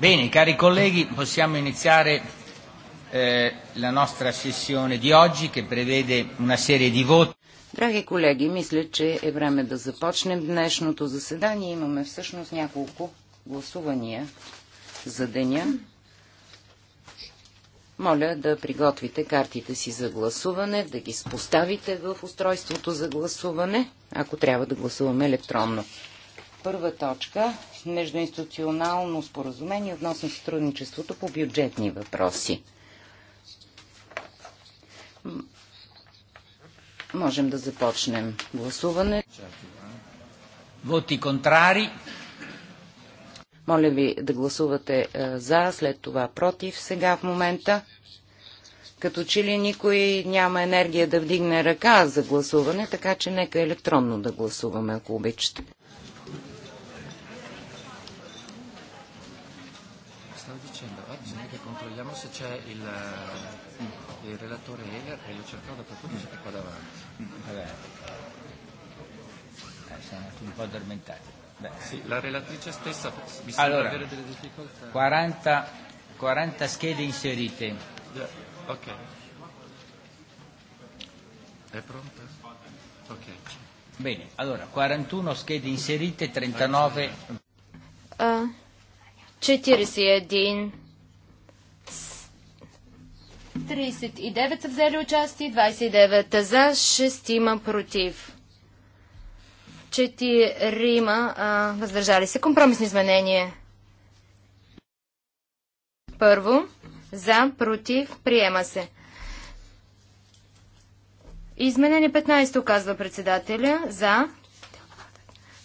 Bene, cari colleghi, possiamo iniziare eh, la nostra sessione di oggi che prevede una serie di voti. Драги колеги, мисля, че е време да започнем днешното заседание. Имаме всъщност няколко гласувания за деня. Моля да приготвите картите си за гласуване, да ги споставите в устройството за гласуване, ако трябва да гласуваме електронно. Първа точка – междуинституционално споразумение относно сътрудничеството по бюджетни въпроси. Можем да започнем гласуване. Воти контрари. Моля ви да гласувате е, за, след това против сега в момента. Като че ли никой няма енергия да вдигне ръка за гласуване, така че нека електронно да гласуваме, ако обичате. se c'è il, il relatore Heller e lo cercavo dappertutto, siete qua davanti. Vabbè. Eh, siamo tutti un po' addormentati. Beh. Sì, la relatrice stessa mi sembra allora, avere delle difficoltà. 40, 40 schede inserite. Yeah, ok. È pronta? Ok. Bene, allora 41 schede inserite, 39. Uh, 41 39 са взели участие, 29 за, 6 има против. 4 има а, въздържали се. Компромисни изменение. Първо, за, против, приема се. Изменение 15 оказва председателя. За,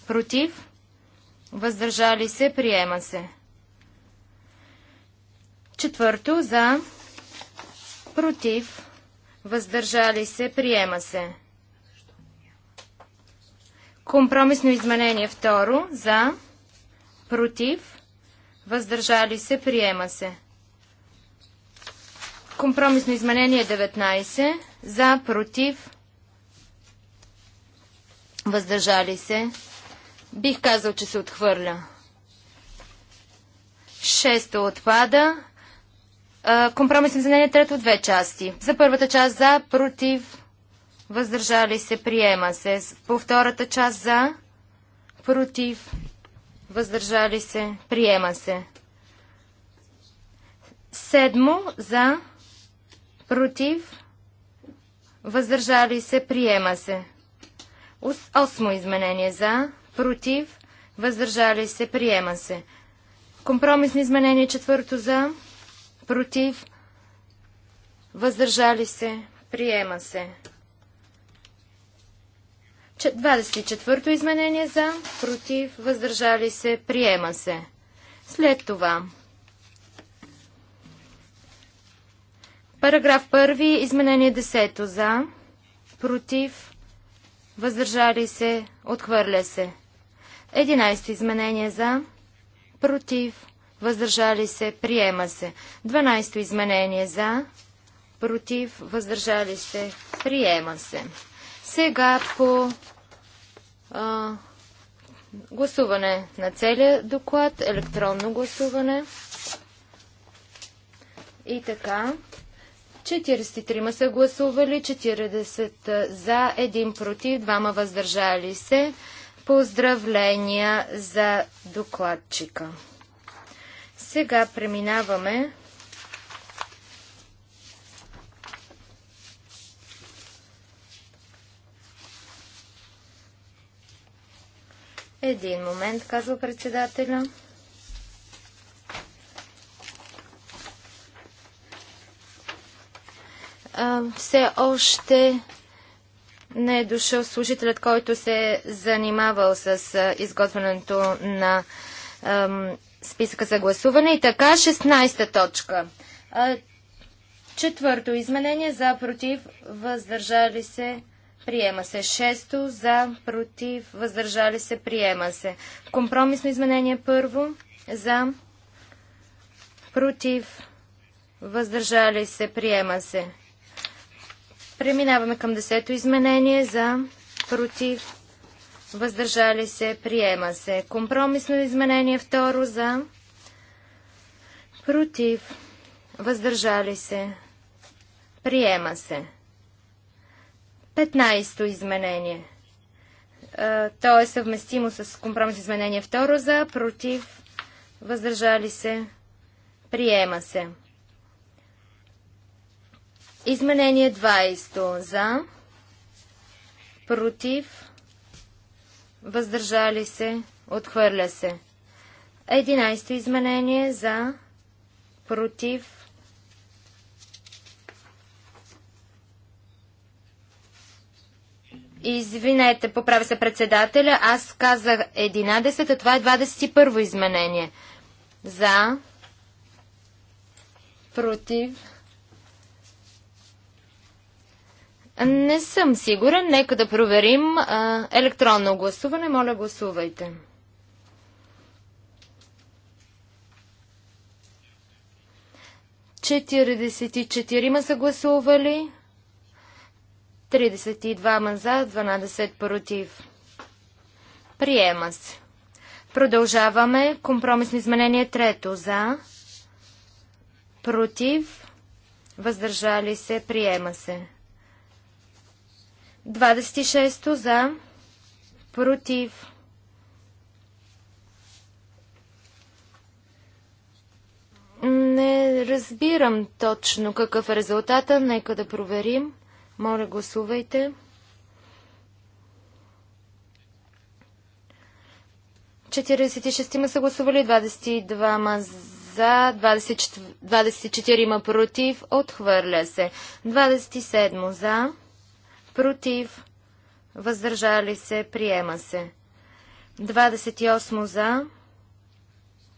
против, въздържали се, приема се. Четвърто, за, Против. Въздържали се. Приема се. Компромисно изменение второ. За. Против. Въздържали се. Приема се. Компромисно изменение 19. За. Против. Въздържали се. Бих казал, че се отхвърля. Шесто отпада. Компромисно изменение трето две части. За първата част за, против, въздържали се, приема се. По втората част за, против, въздържали се, приема се. Седмо за, против, въздържали се, приема се. Осмо изменение за, против, въздържали се, приема се. Компромисно изменение четвърто за, против, въздържали се, приема се. 24-то изменение за, против, въздържали се, приема се. След това. Параграф 1, изменение 10 за, против, въздържали се, отхвърля се. 11 то изменение за, против, въздържали се, приема се. 12 изменение за, против, въздържали се, приема се. Сега по а, гласуване на целия доклад, електронно гласуване. И така, 43 са гласували, 40 за, 1 против, 2 въздържали се. Поздравления за докладчика. Сега преминаваме Един момент, казва председателя. А, все още не е дошъл служителят, който се е занимавал с изготвянето на ам, списъка за гласуване. И така, 16-та точка. Четвърто изменение за против, въздържали се, приема се. Шесто за против, въздържали се, приема се. Компромисно изменение първо за против, въздържали се, приема се. Преминаваме към десето изменение за против, въздържали се, приема се. Компромисно изменение второ за, против, въздържали се, приема се. 15 изменение. То е съвместимо с компромисно изменение второ за, против, въздържали се, приема се. Изменение 20 за, против, въздържали се, отхвърля се. Единайсто изменение за, против, Извинете, поправи се председателя. Аз казах 11, а това е 21 изменение. За, против, Не съм сигурен. Нека да проверим а, електронно гласуване. Моля, гласувайте. Четиридесет и четирима са гласували. 32 за, 12 против. Приема се. Продължаваме. Компромисно изменение трето за. Против. Въздържали се. Приема се. 26 за, против. Не разбирам точно какъв е резултата. Нека да проверим. Моля, гласувайте. 46 са гласували, 22 ма за, 24 ма против, отхвърля се. 27 за против, въздържали се, приема се. 28 за,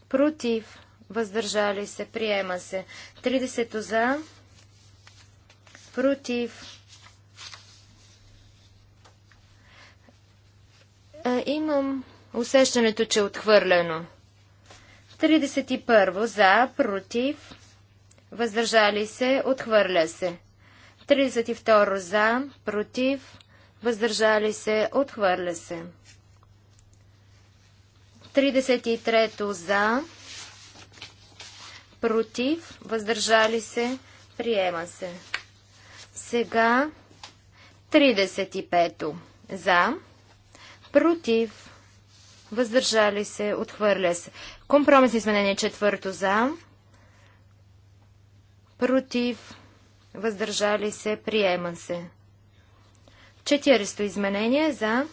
против, въздържали се, приема се. 30 за, против. А, имам усещането, че е отхвърлено. 31 за, против, въздържали се, отхвърля се. 32 за, против, въздържали се, отхвърля се. 33 за, против, въздържали се, приема се. Сега 35 за, против, въздържали се, отхвърля се. Компромисно изменение четвърто за, против, въздържали се, приема се. Четиристо изменение за,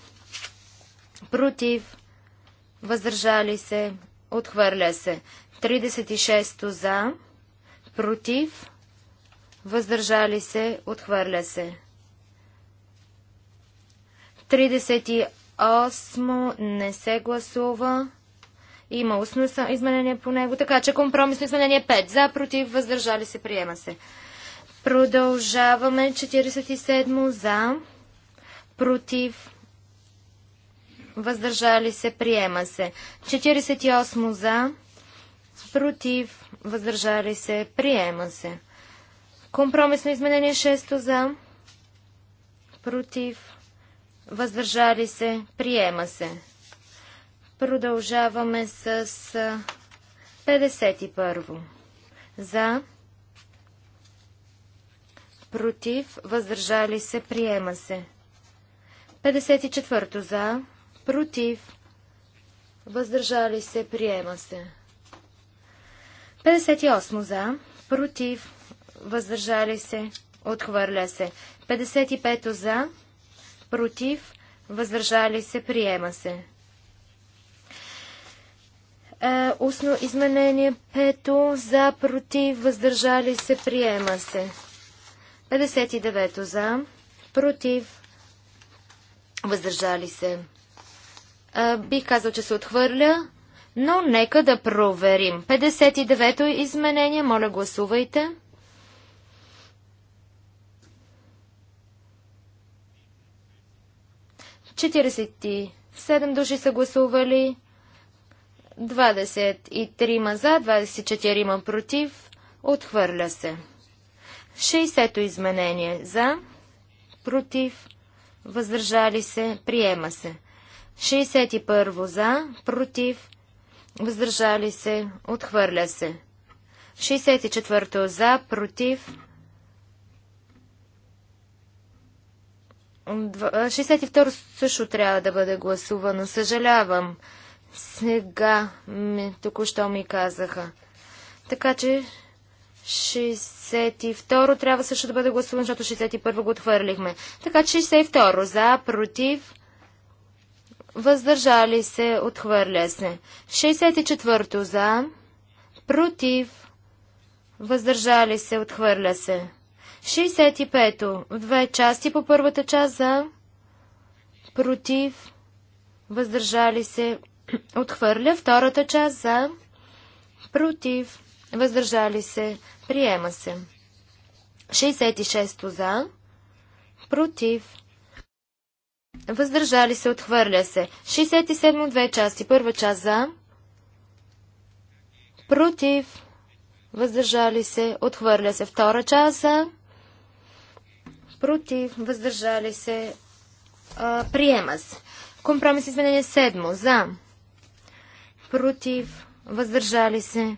против, въздържали се, отхвърля се. 36 за, против, въздържали се, отхвърля се. 38 не се гласува. Има устно изменение по него, така че компромисно изменение 5. За, против, въздържали се, приема се. Продължаваме 47 за, против, въздържали се, приема се. 48 за, против, въздържали се, приема се. Компромисно изменение 6 за, против, въздържали се, приема се. Продължаваме с 51 за, против, против, въздържали се, приема се. 54 за, против, въздържали се, приема се. 58 за, против, въздържали се, отхвърля се. 55 за, против, въздържали се, приема се. Е, устно изменение 5 за, против, въздържали се, приема се. 59 за, против, въздържали се. А, бих казал, че се отхвърля, но нека да проверим. 59-то изменение, моля гласувайте. Четиридесет и седем души са гласували, 23 за, 24 против, отхвърля се. 60-то изменение за, против, въздържали се, приема се. 61 за, против, въздържали се, отхвърля се. 64 за, против, 62 също трябва да бъде гласувано. Съжалявам. Сега току-що ми казаха. Така че 62 трябва също да бъде гласуван, защото 61 го отхвърлихме. Така че 62 за, против, въздържали се, отхвърля се. 64 за, против, въздържали се, отхвърля се. 65 в две части по първата част за, против, въздържали се, отхвърля втората част за, против, въздържали се, приема се. 66 за, против, въздържали се, отхвърля се. 67 две части, първа част за, против, въздържали се, отхвърля се. Втора част за, против, въздържали се, а, приема се. Компромис изменение 7 за, против, въздържали се,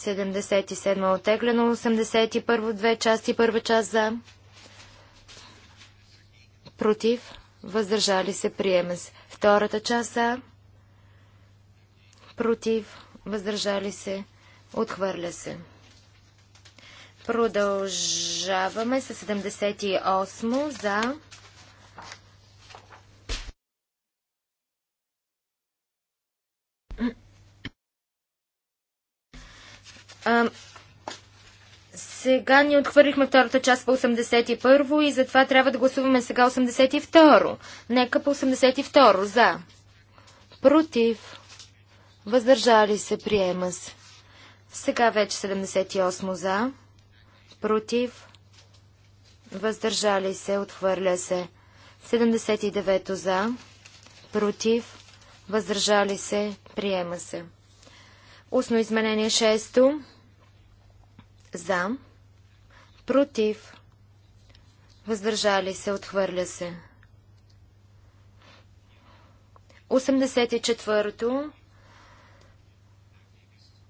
77 отеглено, 81 две части, първа част за, против, въздържали се, приема се. Втората част за, против, въздържали се, отхвърля се. Продължаваме с 78 за, Mm-hmm сега ни отхвърлихме втората част по 81 и затова трябва да гласуваме сега 82. Нека по 82. За. Против. Въздържали се. Приема се. Сега вече 78 за. Против. Въздържали се. Отхвърля се. 79 за. Против. Въздържали се. Приема се. Устно изменение 6 за, против, въздържали се, отхвърля се. 84-то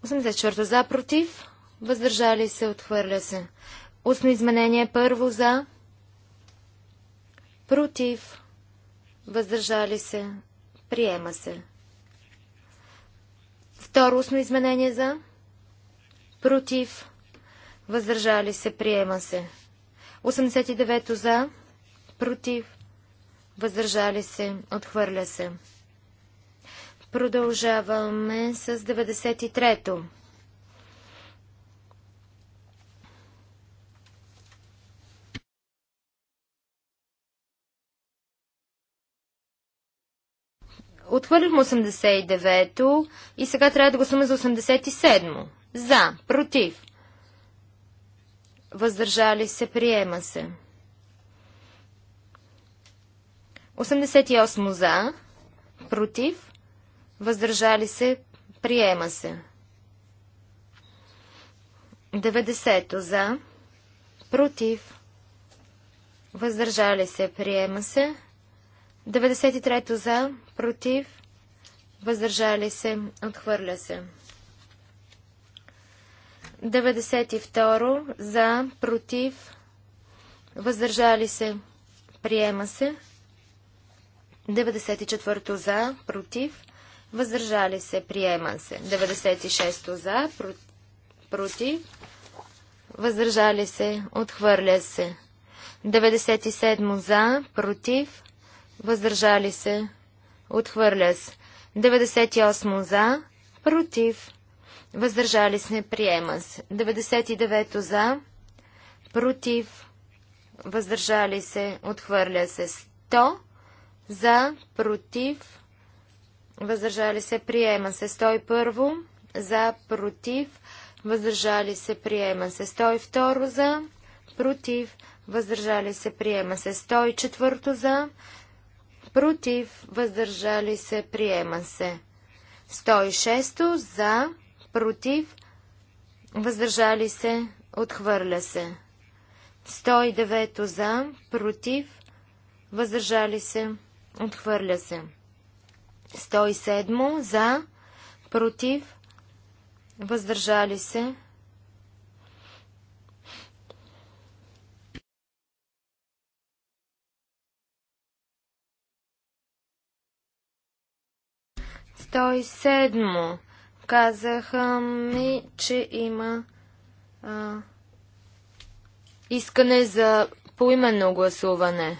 84 за, против, въздържали се, отхвърля се. Устно изменение първо за, против, въздържали се, приема се. Второ устно изменение за. Против. Въздържали се. Приема се. 89 за. Против. Въздържали се. Отхвърля се. Продължаваме с 93-то. Отхвърлихме 89-то и сега трябва да гласуваме за 87-мо. За, против. Въздържали се, приема се. 88 за, против, въздържали се, приема се. 90 за, против, въздържали се, приема се. 93-то за, против, въздържали се, отхвърля се. 92 за, против, въздържали се, приема се. 94 за, против, въздържали се, приема се. 96 за, против, въздържали се, отхвърля се. 97 за, против, въздържали се, отхвърля се. 98 за, против, въздържали се, приема се. 99 за, против, въздържали се, отхвърля се. 100 за, против, въздържали се, приема се. 101 за, против, въздържали се, приема се. 102 за, против, въздържали се, приема се. 104 за, против, въздържали се, приема се. 106 за, против, въздържали се, отхвърля се. 109 за, против, въздържали се, отхвърля се. 107 за, против, въздържали се, 107 казаха ми, че има а, искане за поименно гласуване.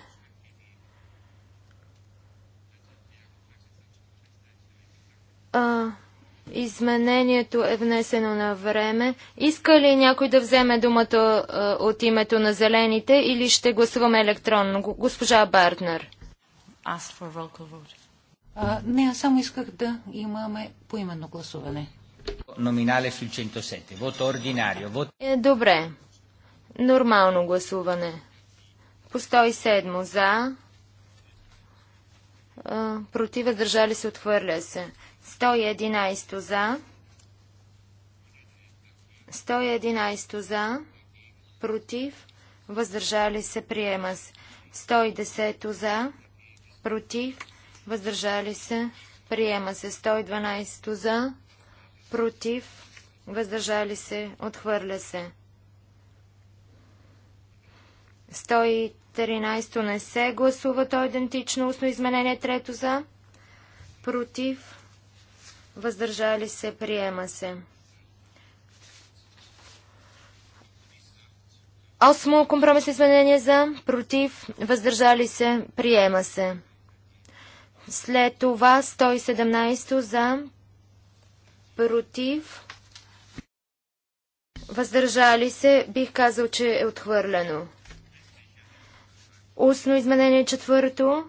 А, изменението е внесено на време. Иска ли някой да вземе думата а, от името на зелените или ще гласуваме електронно? Госпожа Бартнер. Аз for vote. А, не, аз само исках да имаме поименно гласуване. Номинале сул 107. Вот ординарио. Вот... Е, добре. Нормално гласуване. По 107 за. А, против, въздържали се, отхвърля се. 111 за. 111 за. Против, въздържали се, приема се. 110 за. Против, въздържали се, приема се 112 за, против, въздържали се, отхвърля се. 113 не се гласува, то е идентично устно изменение, трето за, против, въздържали се, приема се. Осмо компромисно изменение за, против, въздържали се, приема се. След това 117 за против. Въздържали се, бих казал, че е отхвърлено. Устно изменение четвърто.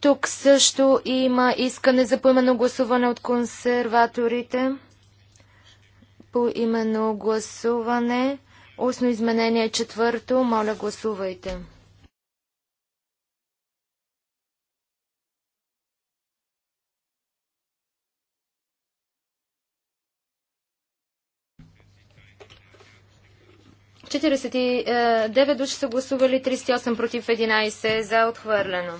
Тук също има искане за поименно гласуване от консерваторите. Поименно гласуване. Устно изменение четвърто. Моля, гласувайте. 49 е, души са гласували, 38 против 11 за отхвърлено.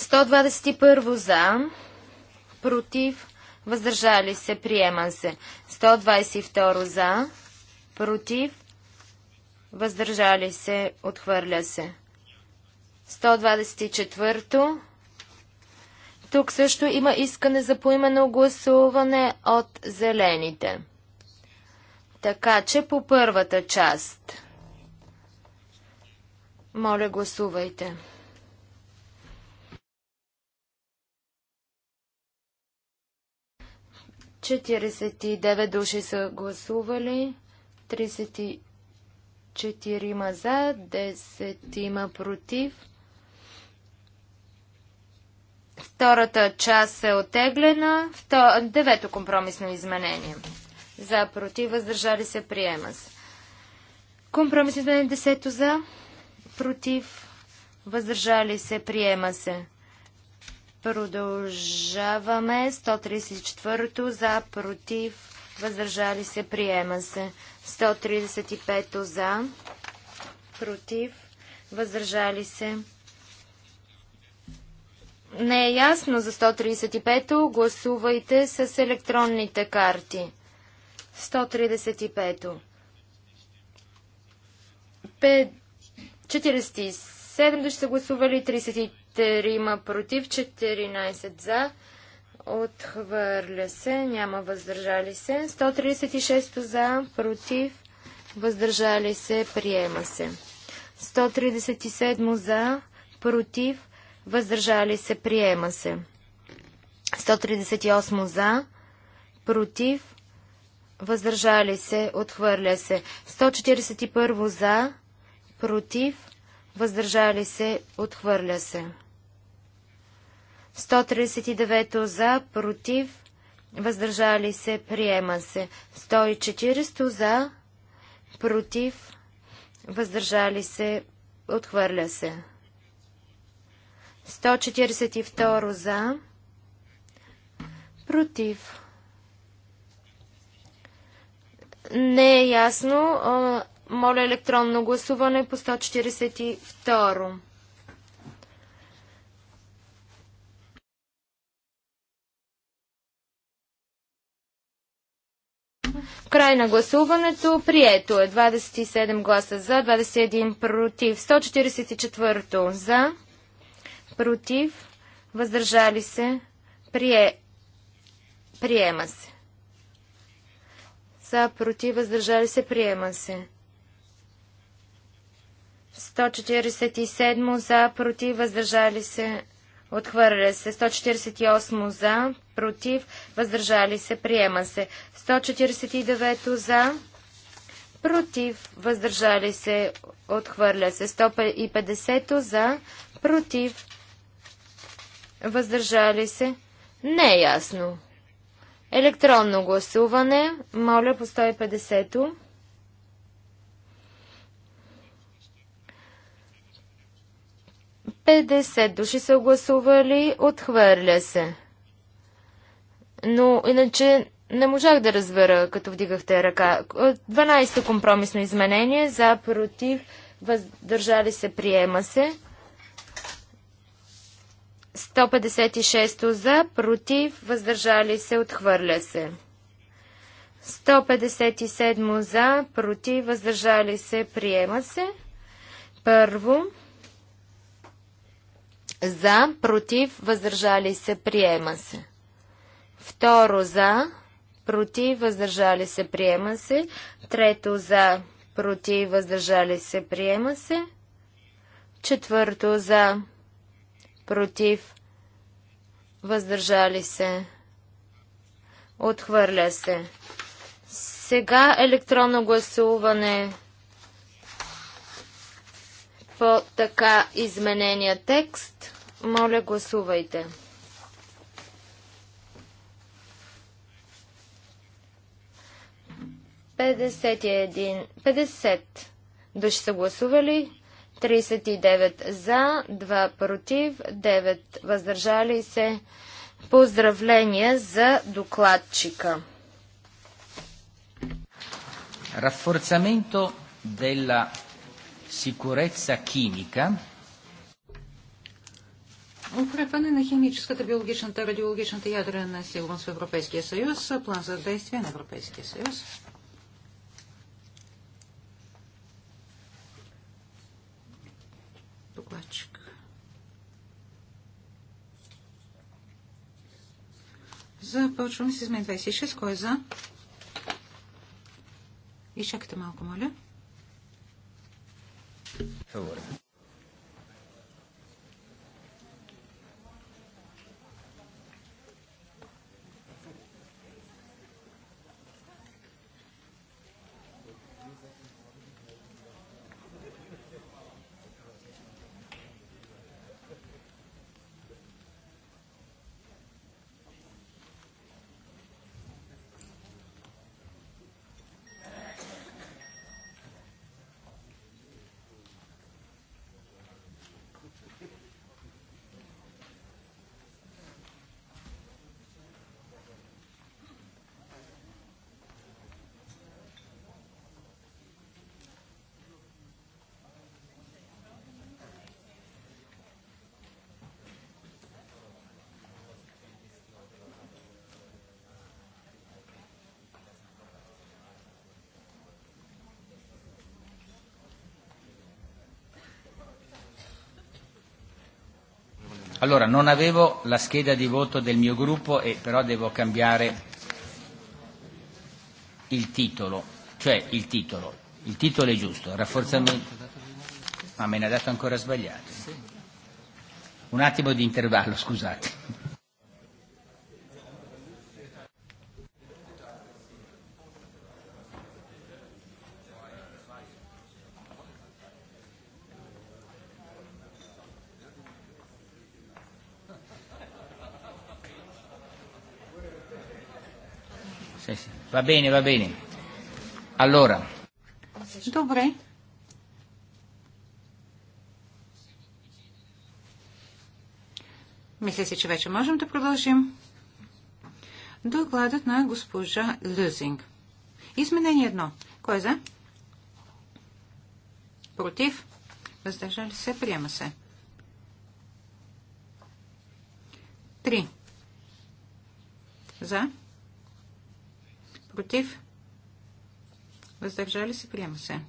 121 за, против, въздържали се, приема се. 122 за, против, въздържали се, отхвърля се. 124 тук също има искане за поимено гласуване от зелените. Така че по първата част. Моля, гласувайте. Четиридесет и девет души са гласували. 34 за, 10 има против. Втората част е отеглена. Девето компромисно изменение за, против, въздържали се, приема се. Компромис 10 за, против, въздържали се, приема се. Продължаваме. 134 за, против, въздържали се, приема се. 135 за, против, въздържали се. Не е ясно за 135-то. Гласувайте с електронните карти. 135. 47 души са гласували, 33 против, 14 за. Отхвърля се, няма въздържали се. 136 за, против, въздържали се, приема се. 137 за, против, въздържали се, приема се. 138 за, против, въздържали се, отхвърля се. 141 за, против, въздържали се, отхвърля се. 139 за, против, въздържали се, приема се. 140 за, против, въздържали се, отхвърля се. 142 за, против, не е ясно. Моля електронно гласуване по 142. Край на гласуването. Прието е 27 гласа за, 21 против, 144 за, против, въздържали се, прие... приема се за, против, въздържали се, приема се. 147 за, против, въздържали се, отхвърля се. 148 за, против, въздържали се, приема се. 149 за, против, въздържали се, отхвърля се. 150 за, против, въздържали се. Не е ясно. Електронно гласуване. Моля по 150-то. Петдесет души са гласували, отхвърля се. Но иначе не можах да разбера, като вдигахте ръка. 12-то компромисно изменение, за, против, въздържали се, приема се. 156 за, против, въздържали се, отхвърля се. 157 за, против, въздържали се, приема се. Първо. За, против, въздържали се, приема се. Второ за, против, въздържали се, приема се. Трето за, против, въздържали се, приема се. Четвърто за, против, въздържали се, отхвърля се. Сега електронно гласуване по така изменения текст. Моля, гласувайте. Петдесет 50 души са гласували. 39 за, 2 против, 9 въздържали се. Поздравления за докладчика. Rafforzamento della sicurezza chimica. Укрепване на химическата, биологичната, радиологичната ядрена сигурност в Европейския съюз, план за действие на Европейския съюз. докладчик. Започваме с измен 26. Кой е за? Изчакайте малко, моля. Добре. Allora, non avevo la scheda di voto del mio gruppo e però devo cambiare il titolo, cioè il titolo. Il titolo è giusto, rafforzamento. Ma me ne ha dato ancora sbagliato. Un attimo di intervallo, scusate. Sì, sì. Va bene, va bene. Allora. Добре. Мисля си, че вече можем да продължим. Докладът на госпожа Люзинг. Изменение едно. Кой е за? Против? Въздържали се? Приема се. Три. За? Против. Въздържали се. Приема се.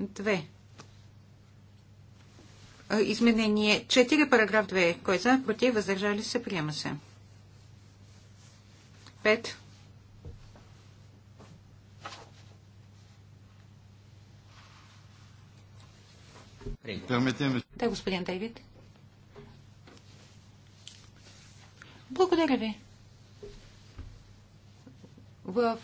Две. Изменение 4, параграф две. Кой е за? Против. Въздържали се. Приема се. Пет. Да, господин Дейвид. Благодаря ви в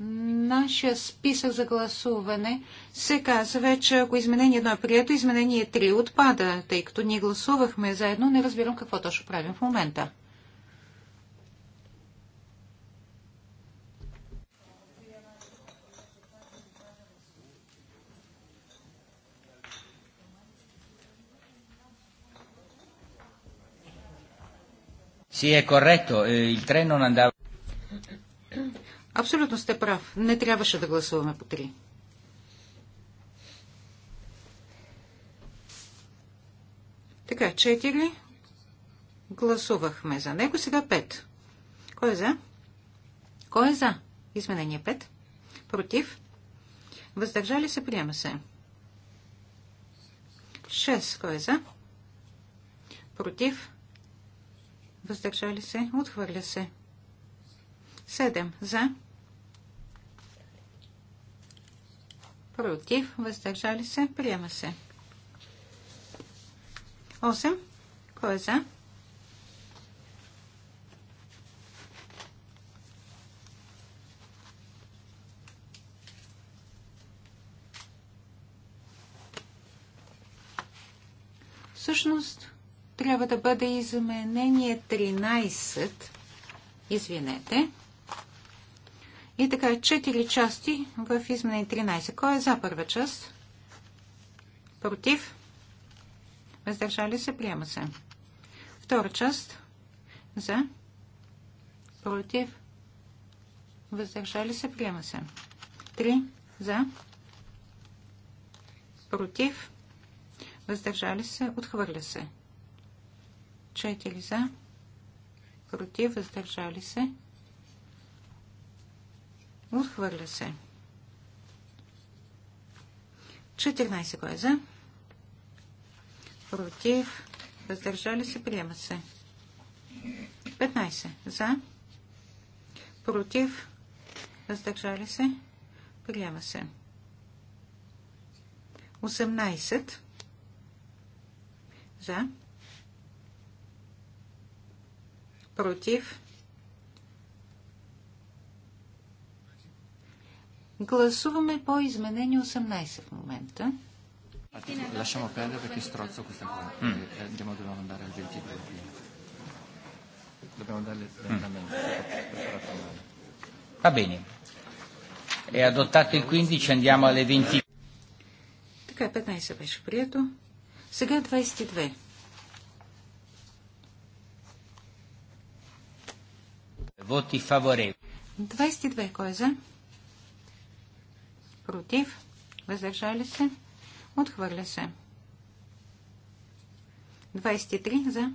нашия списък за гласуване се казва, че ако изменение 1 е прието, изменение 3 отпада, тъй като ние гласувахме заедно. Не разбирам какво точно правим в момента. Sì, è corretto, eh, il treno non andava. Абсолютно сте прав. Не трябваше да гласуваме по 3. Така, 4. Гласувахме за него. Сега 5. Кой е за? Кой е за? Изменение 5. Против? Въздържали се? Приема се. 6. Кой е за? Против? Въздържали се? Отхвърля се. Седем. За? против, въздържали се, приема се. 8. Кой е за? Всъщност, трябва да бъде изменение 13. Извинете. И така, 4 части в изменение 13. Кой е за първа част? Против? Въздържали се? Приема се. Втора част? За? Против? Въздържали се? Приема се. 3. За? Против? Въздържали се? Отхвърля се. Четири за. Против? Въздържали се? Отхвърля се. 14 кой е за? Против. Въздържали се. Приема се. 15 за. Против. Въздържали се. Приема се. 18 за. Против. Гласуваме по изменение 18 в момента. Lasciamo perdere perché strozzo questa cosa. dobbiamo andare al prima. Dobbiamo Va bene. È adottato il 15, andiamo alle 20. Така, 15 беше прието. Сега 22. Voti favorevoli. 22, кой е за? против, въздържали се, отхвърля се. 23 за,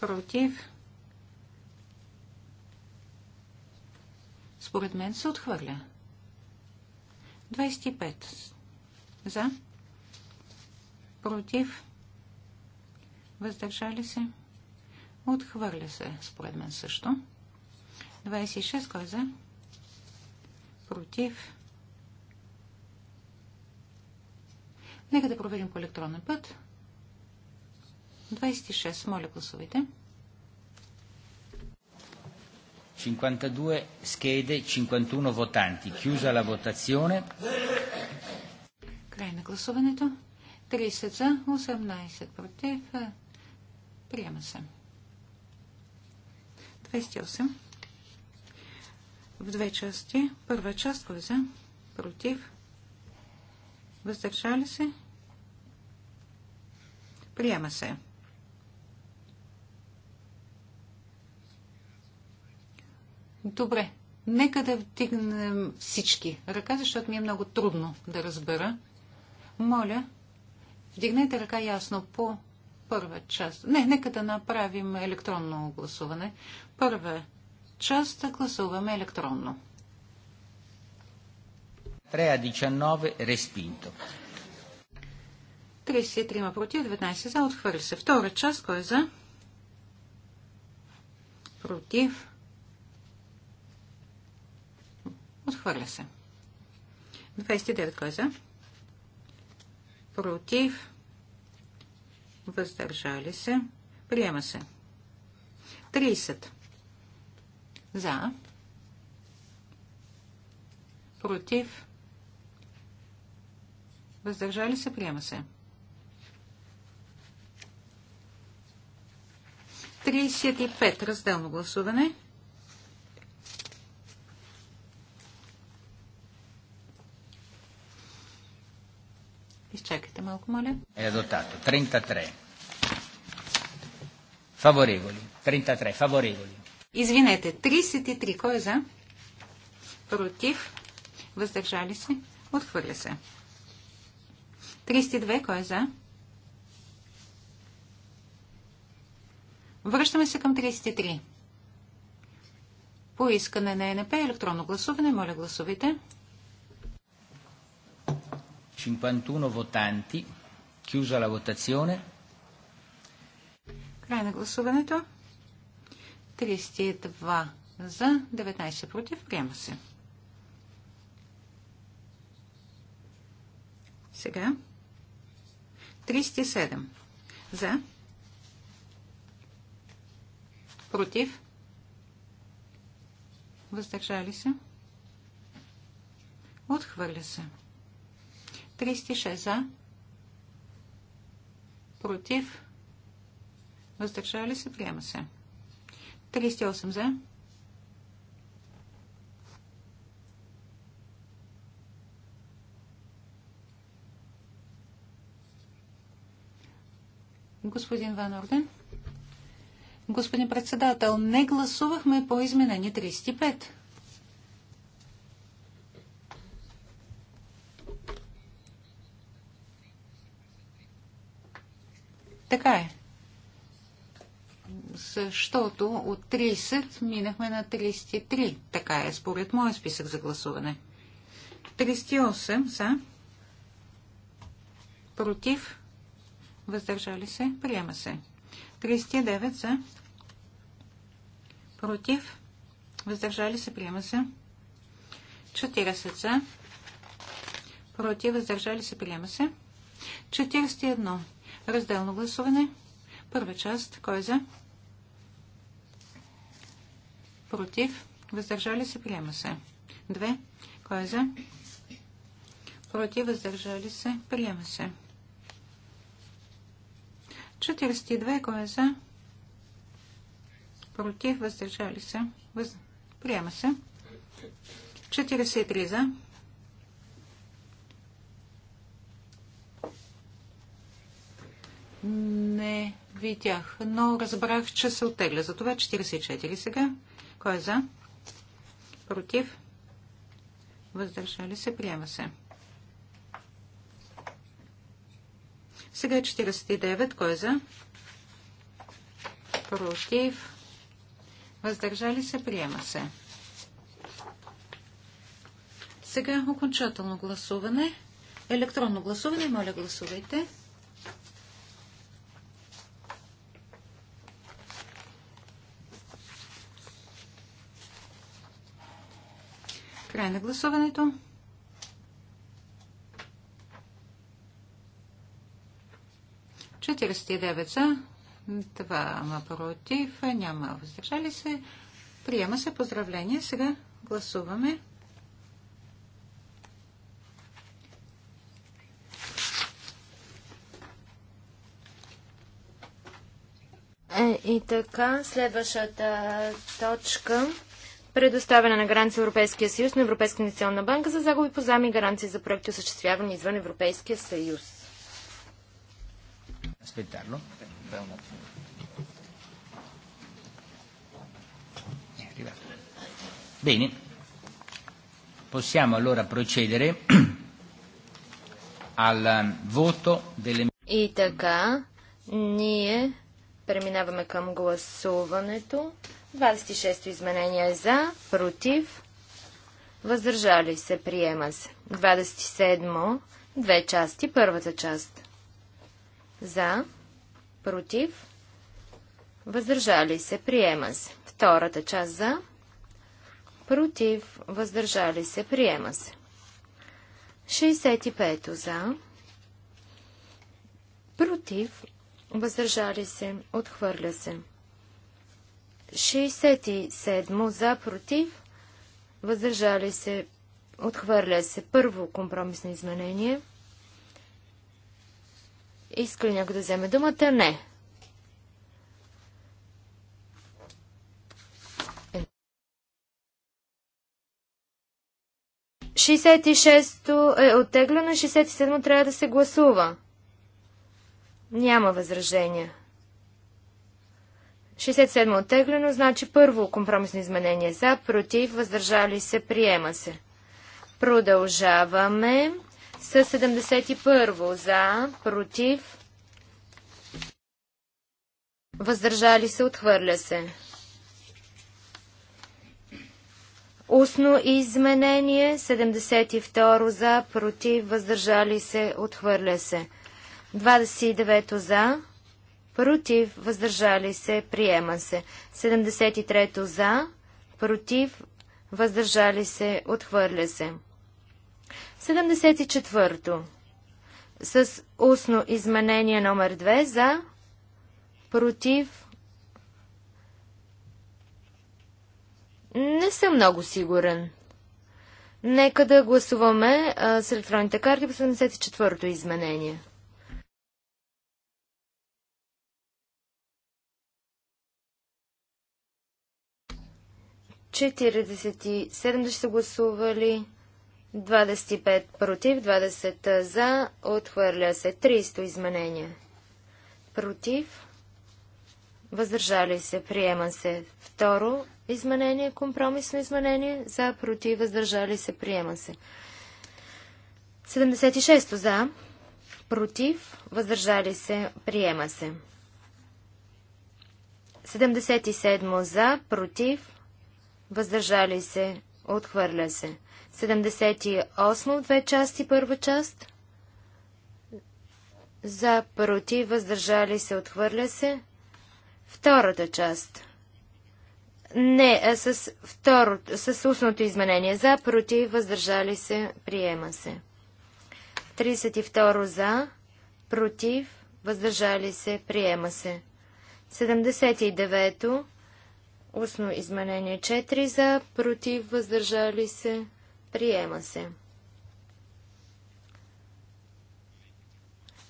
против, според мен се отхвърля. 25 за, против, въздържали се, отхвърля се, според мен също. 26 кой е за? против. Нека да проверим по електронен път. 26. Моля, гласувайте. 52 schede, 51 votanti. Chiusa la votazione. Край на гласуването. 30 за, 18 против. Приема се. 28 в две части. Първа част, кой е за? Против. Въздържали се? Приема се. Добре. Нека да вдигнем всички ръка, защото ми е много трудно да разбера. Моля, вдигнете ръка ясно по първа част. Не, нека да направим електронно гласуване. Първа част гласуваме електронно. 3 19 респинто. 33 против, 19 за, отхвърли се. Втора част, кой е за? Против. Отхвърля се. 29 кой е за? Против. Въздържали се. Приема се. 30. За. Против. Въздържали се, приема се. 35. Разделно гласуване. Изчакайте малко, моля. Е адотато. 33. Favorevoli. 33. Favorevoli. Извинете, 33. Кой е за? Против. Въздържали се. Отхвърля се. 32. Кой е за? Връщаме се към 33. По искане на ЕНП електронно гласуване. Моля гласувайте. 51 votanti. Chiusa la votazione. Край на гласуването. 32 за, 19 против. Приема се. Сега. 37 за, против, въздържали се, отхвърля се. 36 за, против, въздържали се, приема се. 38 за. Господин Ван Орден. Господин председател, не гласувахме по изменение 35. Така е защото от 30 минахме на 33. Така е според моя списък за гласуване. 38 за. Против. Въздържали се. Приема се. 39 за. Против. Въздържали се. Приема се. 40 за. Против. Въздържали се. Приема се. 41. Разделно гласуване. Първа част. Кой е за? против, въздържали се, приема се. 2. Кой е за? Против, въздържали се, приема се. 42. Кой е за? Против, въздържали се, въз... приема се. 43 за. Не видях, но разбрах, че се оттегля. Затова 44 сега. Кой е за? Против? Въздържали се? Приема се. Сега 49. Е Кой е за? Против? Въздържали се? Приема се. Сега окончателно гласуване. Електронно гласуване. Моля, гласувайте. Край на гласуването. Четиридесет девет за, двама против, няма въздържали се. Приема се поздравление. Сега гласуваме. Е, и така, следващата точка предоставена на гаранция Европейския съюз на Европейска инвестиционна банка за загуби по заеми и гаранции за проекти, осъществявани извън Европейския съюз. Aspettarlo. Bene. Possiamo allora procedere al ehm, voto delle... И така, ние преминаваме към гласуването 26-то изменение е за, против, въздържали се, приема се. 27-мо, две части, първата част. За, против, въздържали се, приема се. Втората част за, против, въздържали се, приема се. 65 за, против, въздържали се, отхвърля се. 67 за, против, въздържали се, отхвърля се първо компромисно изменение. Иска ли някой да вземе думата? Не. Шестдесет и шесто е оттеглено, 67 трябва да се гласува. Няма възражения. 67 оттеглено, значи първо компромисно изменение за, против, въздържали се, приема се. Продължаваме с 71 за, против, въздържали се, отхвърля се. Устно изменение 72 за, против, въздържали се, отхвърля се. 29 за, против, въздържали се, приема се. 73-то за, против, въздържали се, отхвърля се. 74-то с устно изменение номер 2 за, против, не съм много сигурен. Нека да гласуваме а, с електронните карти по 74-то изменение. 47 са гласували, 25 против, 20 за, отхвърля се 300 изменения. Против, въздържали се, приема се. Второ изменение, компромисно изменение, за, против, въздържали се, приема се. 76 за, против, въздържали се, приема се. 77 за, против, въздържали се, отхвърля се. 78 две части, първа част. За, против, въздържали се, отхвърля се. Втората част. Не, а с, второ, с устното изменение. За, против, въздържали се, приема се. 32 за, против, въздържали се, приема се. 79 Устно изменение 4 за, против, въздържали се, приема се.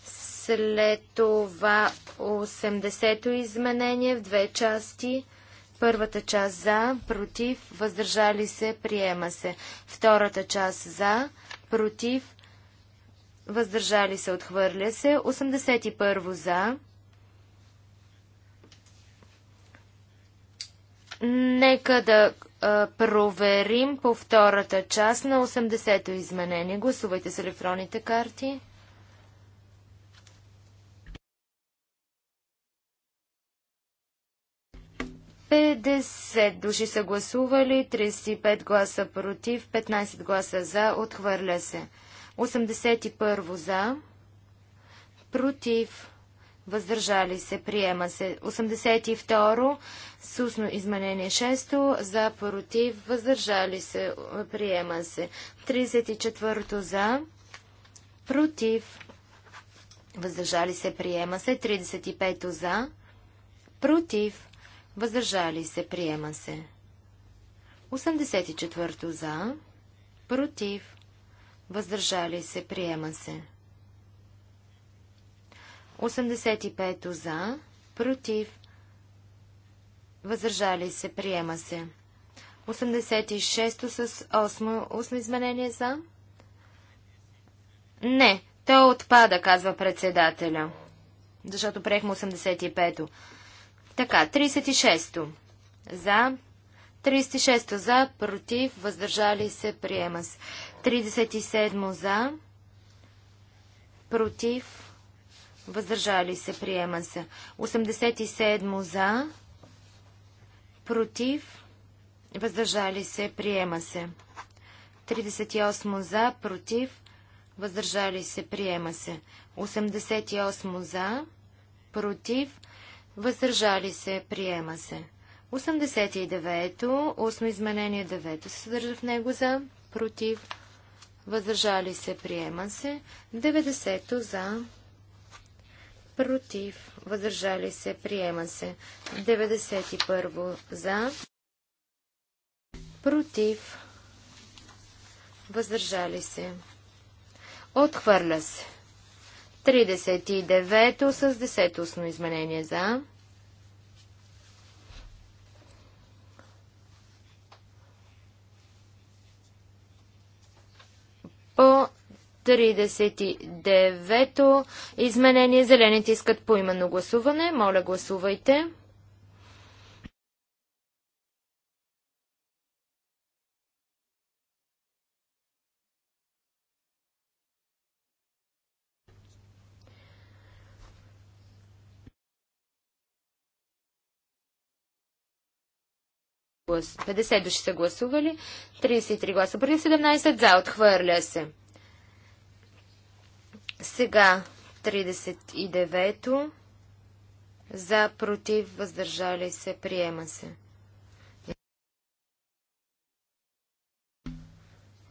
След това 80-то изменение в две части. Първата част за, против, въздържали се, приема се. Втората част за, против, въздържали се, отхвърля се. 81 за, Нека да а, проверим по втората част на 80-то изменение. Гласувайте с електронните карти. Десет души са гласували, 35 гласа против, 15 гласа за, отхвърля се. 81 за, против, въздържали се, приема се. 82 с устно изменение 6 за, против, въздържали се, приема се. 34 за, против, въздържали се, приема се. 35 за, против, въздържали се, приема се. 84 за, против, въздържали се, приема се. 85 за, против, въздържали се, приема се. 86 с 8, изменение за. Не, то отпада, казва председателя. Защото приехме 85-то. Така, 36-то. За. 36-то за, против, въздържали се, приема се. 37-то за, против, въздържали се, приема се. 87 за, против, въздържали се, приема се. 38 за, против, въздържали се, приема се. 88 за, против, въздържали се, приема се. 89-то, устно изменение 9-то се съдържа в него за, против, въздържали се, приема се. 90-то за, против, въздържали се, приема се. 91 за, против, въздържали се, отхвърля се. 39 то с 10 устно изменение за. По 39-то изменение. Зелените искат поименно гласуване. Моля, гласувайте. глас. 50 души са гласували, 33 гласа преди 17 за, отхвърля се. Сега 39-то. За, против, въздържали се, приема се. 96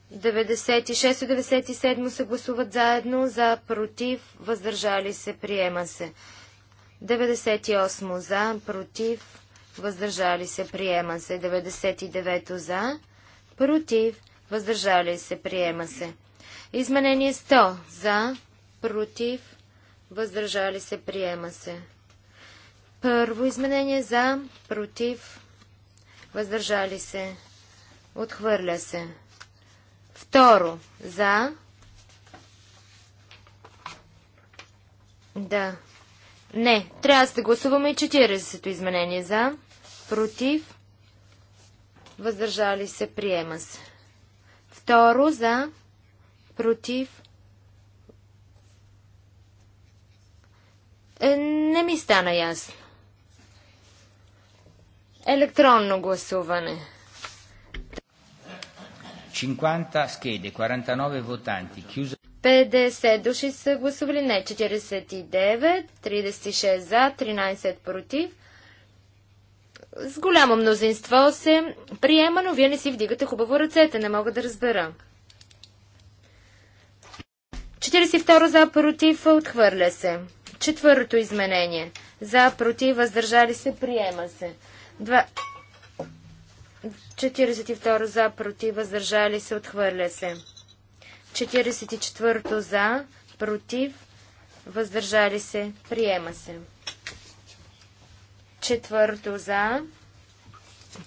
и 97 се гласуват заедно, за, против, въздържали се, приема се. 98 за, против, въздържали се, приема се. 99 за, против, въздържали се, приема се. Изменение 100 за, против, въздържали се, приема се. Първо изменение за, против, въздържали се, отхвърля се. Второ, за, да, не, трябва да гласуваме и 40-то изменение за, против, въздържали се, приема се. Второ, за, против, Е, не ми стана ясно. Електронно гласуване. 50 schede, 49 вотанти. 50 души са гласували, не 49, 36 за, 13 против. С голямо мнозинство се приема, но вие не си вдигате хубаво ръцете, не мога да разбера. 42 за, против, отхвърля се. Четвърто изменение. За, против, въздържали се, приема се. Два... 42 за, против, въздържали се, отхвърля се. 44 за, против, въздържали се, приема се. Четвърто за,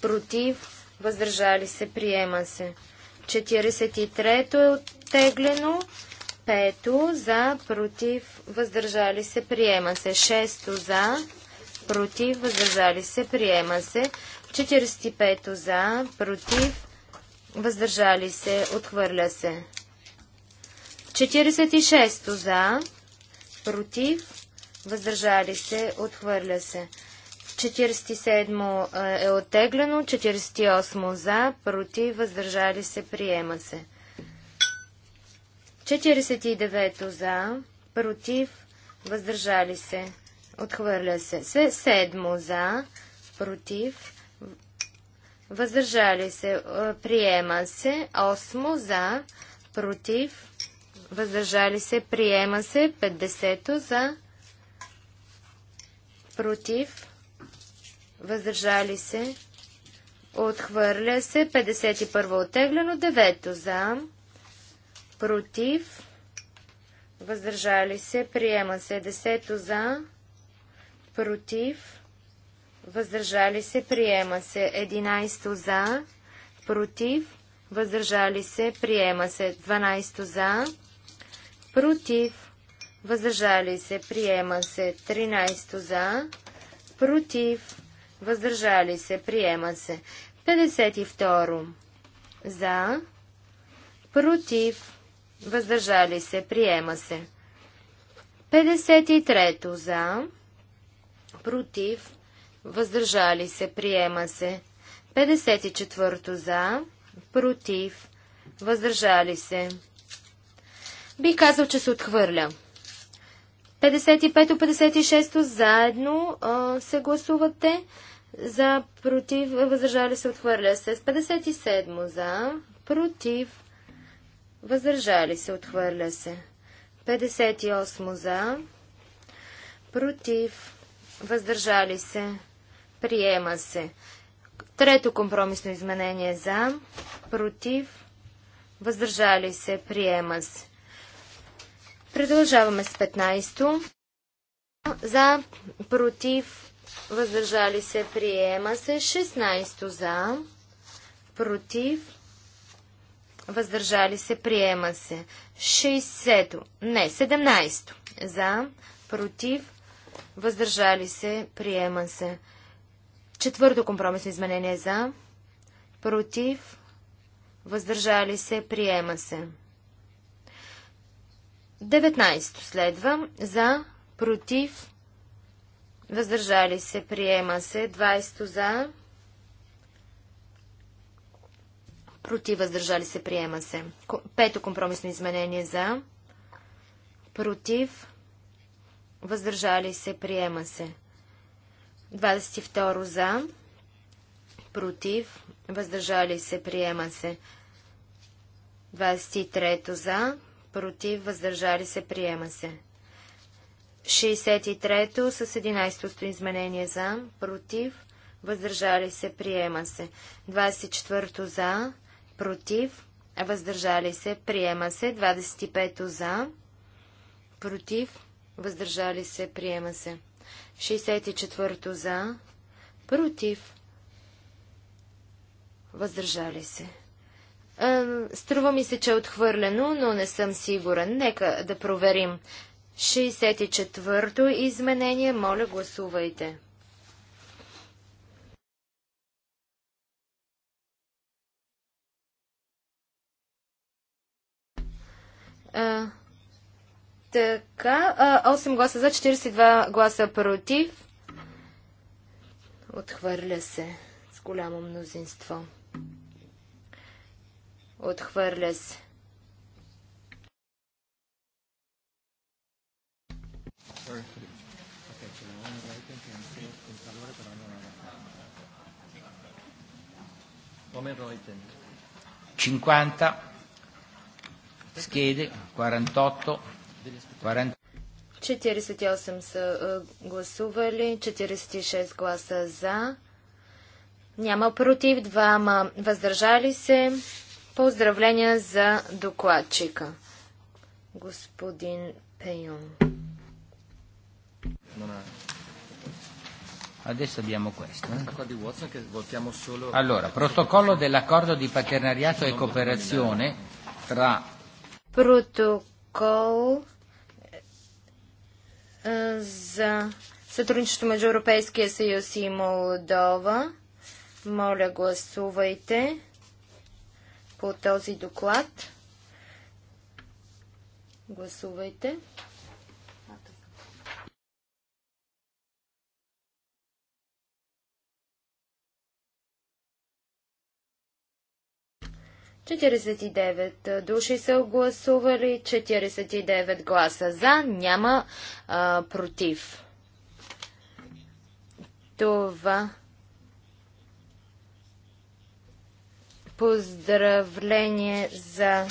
против, въздържали се, приема се. 43 е оттеглено. Пето за, против, въздържали се, приема се. Шесто за, против, въздържали се, приема се. 45 за, против, въздържали се, отхвърля се. 46 за, против, въздържали се, отхвърля се. 47 е, е оттеглено, 48 за, против, въздържали се, приема се. 49 за, против, въздържали се, отхвърля се. 7 е, за, против, въздържали се, приема се. 8 за, против, въздържали се, приема се. 50 за, против, въздържали се, отхвърля се. 51 оттеглено, 9 за, против, въздържали се, приема се. Десето за, против, въздържали се, приема се. Единайсто за, против, въздържали се, приема се. Дванайсто за, против, въздържали се, приема се. Тринайсто за, против, въздържали се, приема се. 52. За, против, въздържали се, приема се. 53 за, против, въздържали се, приема се. 54 за, против, въздържали се. Би казал, че се отхвърля. 55-56 заедно а, се гласувате. За, против, въздържали се, отхвърля се. С 57 за, против, Въздържали се, отхвърля се. 58 за. Против. Въздържали се. Приема се. Трето компромисно изменение за. Против. Въздържали се. Приема се. Продължаваме с 15-то. За. Против. Въздържали се. Приема се. 16 за. Против въздържали се, приема се. 60 не, 17 за, против, въздържали се, приема се. Четвърто компромисно изменение за, против, въздържали се, приема се. 19 следва за, против, въздържали се, приема се. 20 за, против, въздържали се, приема се. Пето компромисно изменение за, против, въздържали се, приема се. 22 за, против, въздържали се, приема се. 23 за, против, въздържали се, приема се. 63 с 11-то изменение за, против, въздържали се, приема се. 24 за, против, въздържали се, приема се. 25 за, против, въздържали се, приема се. 64 за, против, въздържали се. Струва ми се, че е отхвърлено, но не съм сигурен. Нека да проверим. 64-то изменение, моля гласувайте. А, така, 8 гласа за, 42 гласа против. Отхвърля се с голямо мнозинство. Отхвърля се. Come 50 schede, 48, 48 са гласували, 46 гласа за, няма против, двама въздържали се. Поздравления за докладчика, господин Пейон. Adesso abbiamo questo. Eh? Allora, protocollo dell'accordo di partenariato e cooperazione tra протокол за сътрудничество между Европейския съюз и Молдова. Моля, гласувайте по този доклад. Гласувайте. 49 души са гласували, 49 гласа за, няма а, против. Това. Поздравление за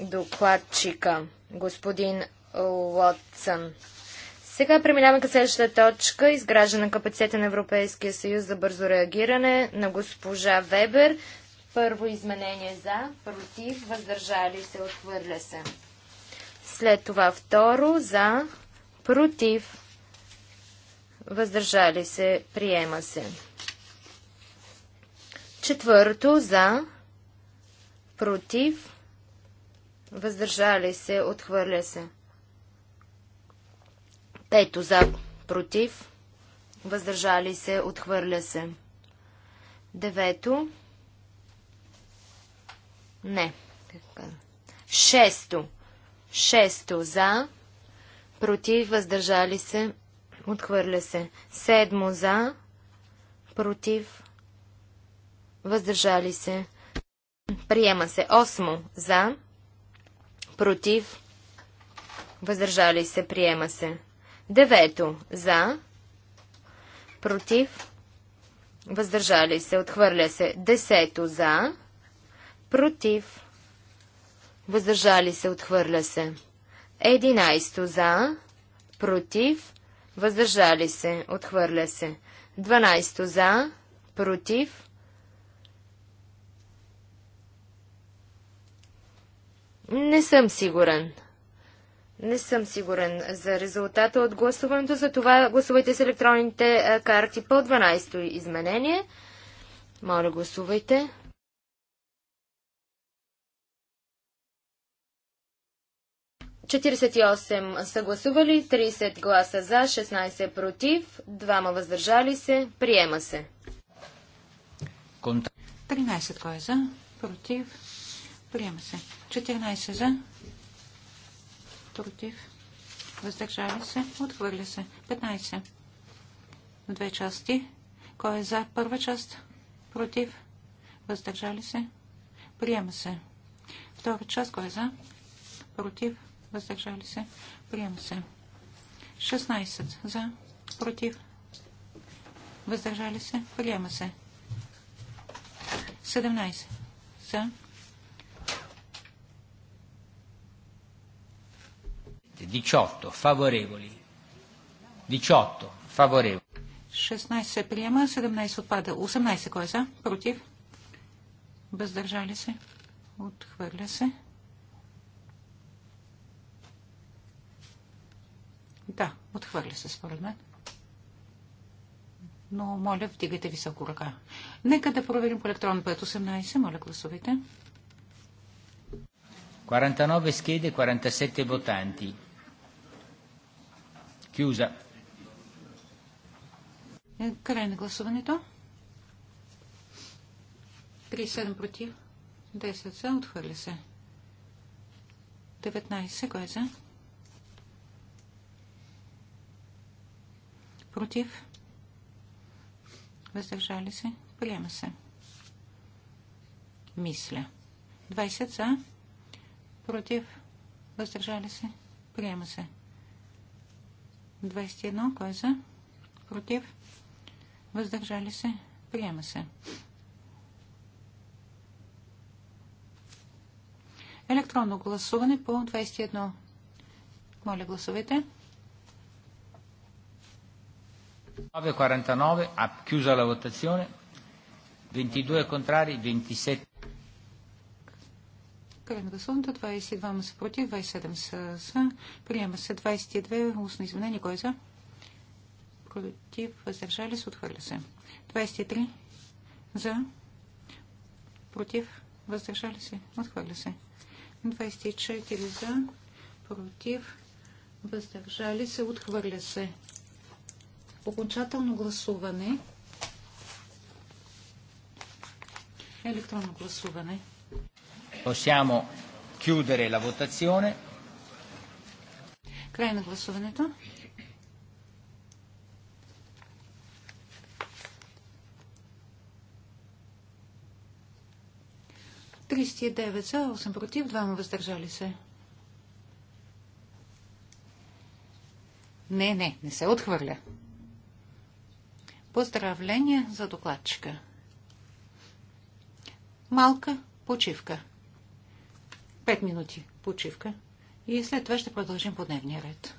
докладчика, господин Лотсън. Сега преминаваме към следващата точка. Изграждане на капацитета на Европейския съюз за бързо реагиране на госпожа Вебер. Първо изменение за, против, въздържали се, отхвърля се. След това второ за, против, въздържали се, приема се. Четвърто за, против, въздържали се, отхвърля се. Пето за, против, въздържали се, отхвърля се. Девето не. Така. Шесто. Шесто за. Против. Въздържали се. Отхвърля се. Седмо за. Против. Въздържали се. Приема се. Осмо за. Против. Въздържали се. Приема се. Девето за. Против. Въздържали се. Отхвърля се. Десето за. Против. Въздържали се. Отхвърля се. 11 за. Против. Въздържали се. Отхвърля се. 12 за. Против. Не съм сигурен. Не съм сигурен за резултата от гласуването, затова гласувайте с електронните карти по 12-то изменение. Моля, гласувайте. 48 са гласували, 30 гласа за, 16 против, 2 въздържали се. Приема се. 13 кой е за, против, приема се. 14 за, против, въздържали се, отхвърля се. 15 в две части. Кой е за първа част, против, въздържали се, приема се. Втора част, кой е за, против, въздържали се, приема се. 16 за, против, въздържали се, приема се. 17 за. Дичотто, фавореволи. Дичотто, фавореволи. 16 се приема, 17 отпада. 18 кой е за? Против? Въздържали се? Отхвърля се. Да, отхвърля се според мен. Но моля, вдигайте високо ръка. Нека да проверим по електрон 518, Моля, гласувайте. 49 schede, 47 votanti. Chiusa. Е, край на гласуването. 37 против, 10 за, отхвърля се. 19, кой е за? против, въздържали се, приема се. Мисля. 20 за, против, въздържали се, приема се. 21, кой е за, против, въздържали се, приема се. Електронно гласуване по 21. Моля, гласувайте. 9.49, ha chiuso la votazione. 22 contrari, 27. Край на гласуването. 22 са против, 27 са за. Приема се 22. Устно изменение. Кой е за? Против. Въздържали се. Отхвърля се. 23. За. Против. Въздържали се. Отхвърля се. 24 за. Против. Въздържали се. Отхвърля се окончателно гласуване. Електронно гласуване. Possiamo chiudere la votazione. Край на гласуването. Тридесет за, 8 против, 2 въздържали се. Не, не, не се отхвърля. Поздравления за докладчика. Малка почивка. Пет минути почивка. И след това ще продължим по дневния ред.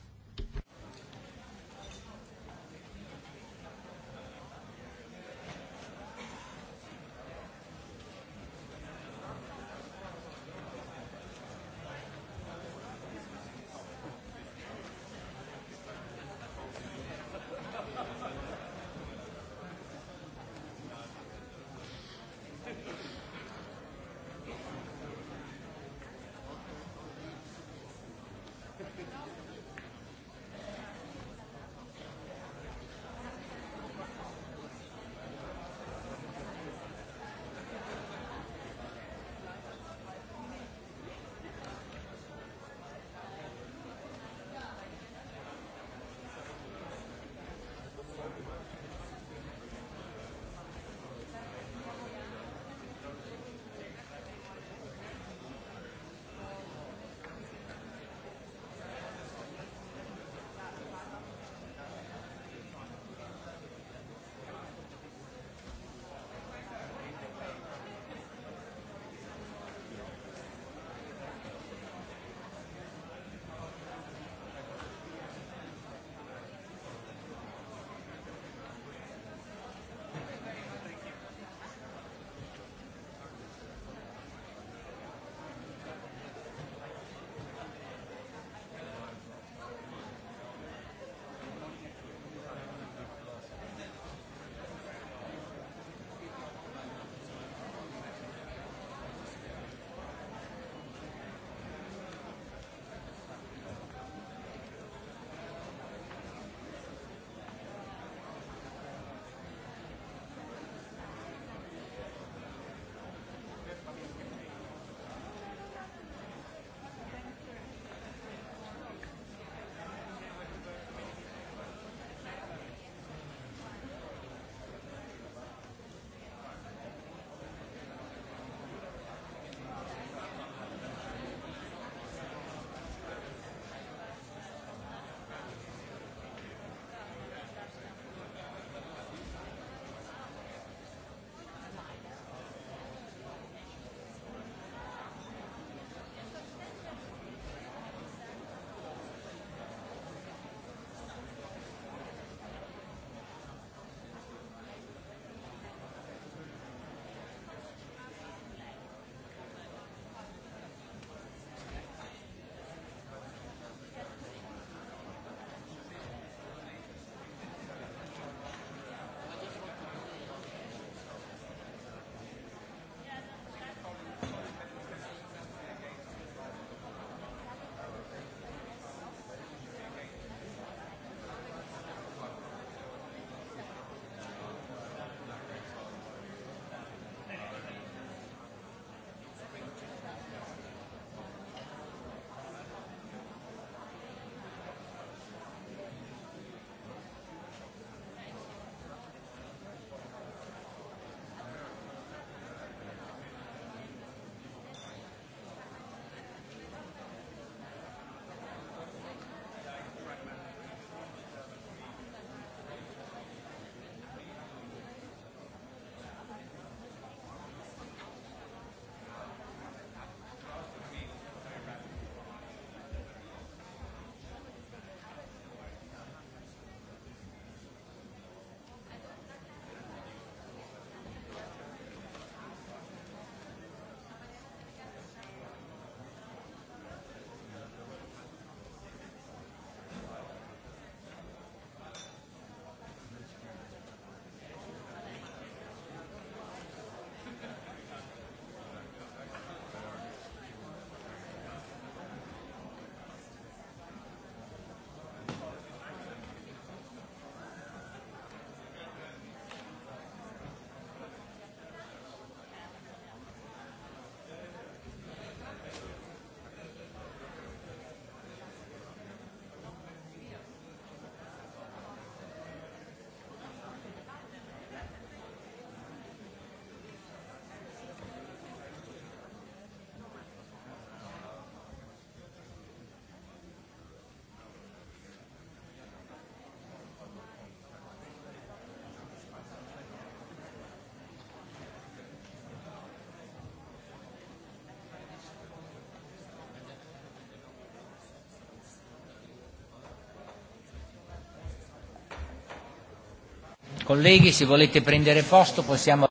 Колеги, си волите prendere posto, possiamo...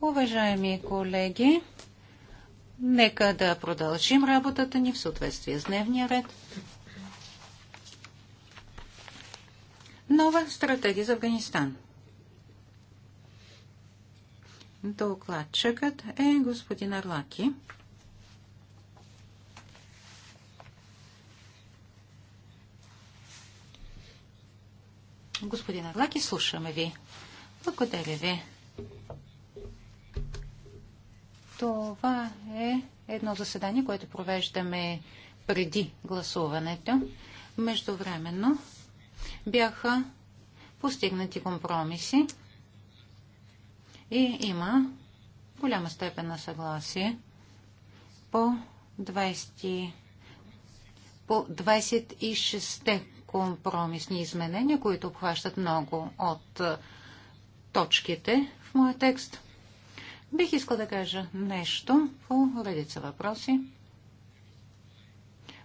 Уважаеми колеги, нека да продължим работата ни в съответствие с дневния ред. Нова стратегия за Афганистан. Докладчикът е господин Арлаки. Лаки, слушаме ви. Благодаря ви. Това е едно заседание, което провеждаме преди гласуването. Междувременно бяха постигнати компромиси и има голяма степен на съгласие по 20 по 26-те компромисни изменения, които обхващат много от точките в моя текст. Бих искал да кажа нещо по редица въпроси.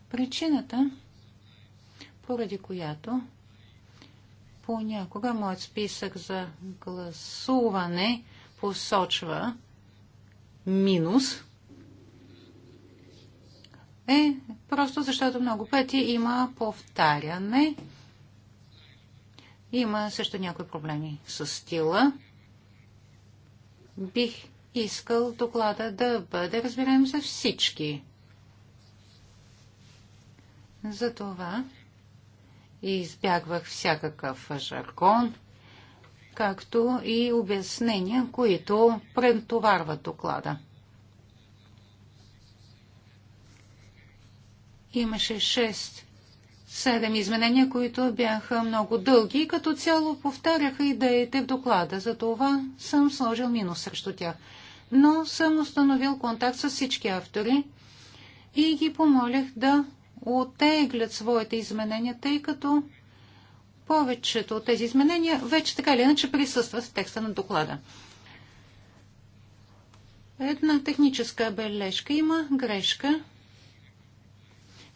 Причината, поради която понякога моят списък за гласуване посочва минус – е просто защото много пъти има повтаряне. Има също някои проблеми с стила. Бих искал доклада да бъде разбираем за всички. Затова избягвах всякакъв жаргон, както и обяснения, които претоварват доклада. Имаше 6-7 изменения, които бяха много дълги и като цяло повтаряха идеите в доклада. За това съм сложил минус срещу тях. Но съм установил контакт с всички автори и ги помолих да отеглят своите изменения, тъй като повечето от тези изменения вече така или иначе присъстват в текста на доклада. Една техническа бележка има грешка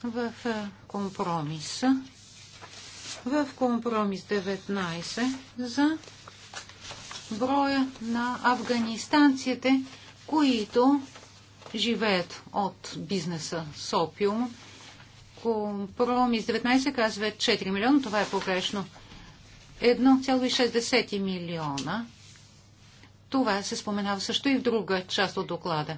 в компромис, В компромис 19 за броя на афганистанците, които живеят от бизнеса с опиум. Компромис 19 казва 4 милиона, това е погрешно. 1,6 милиона. Това се споменава също и в друга част от доклада.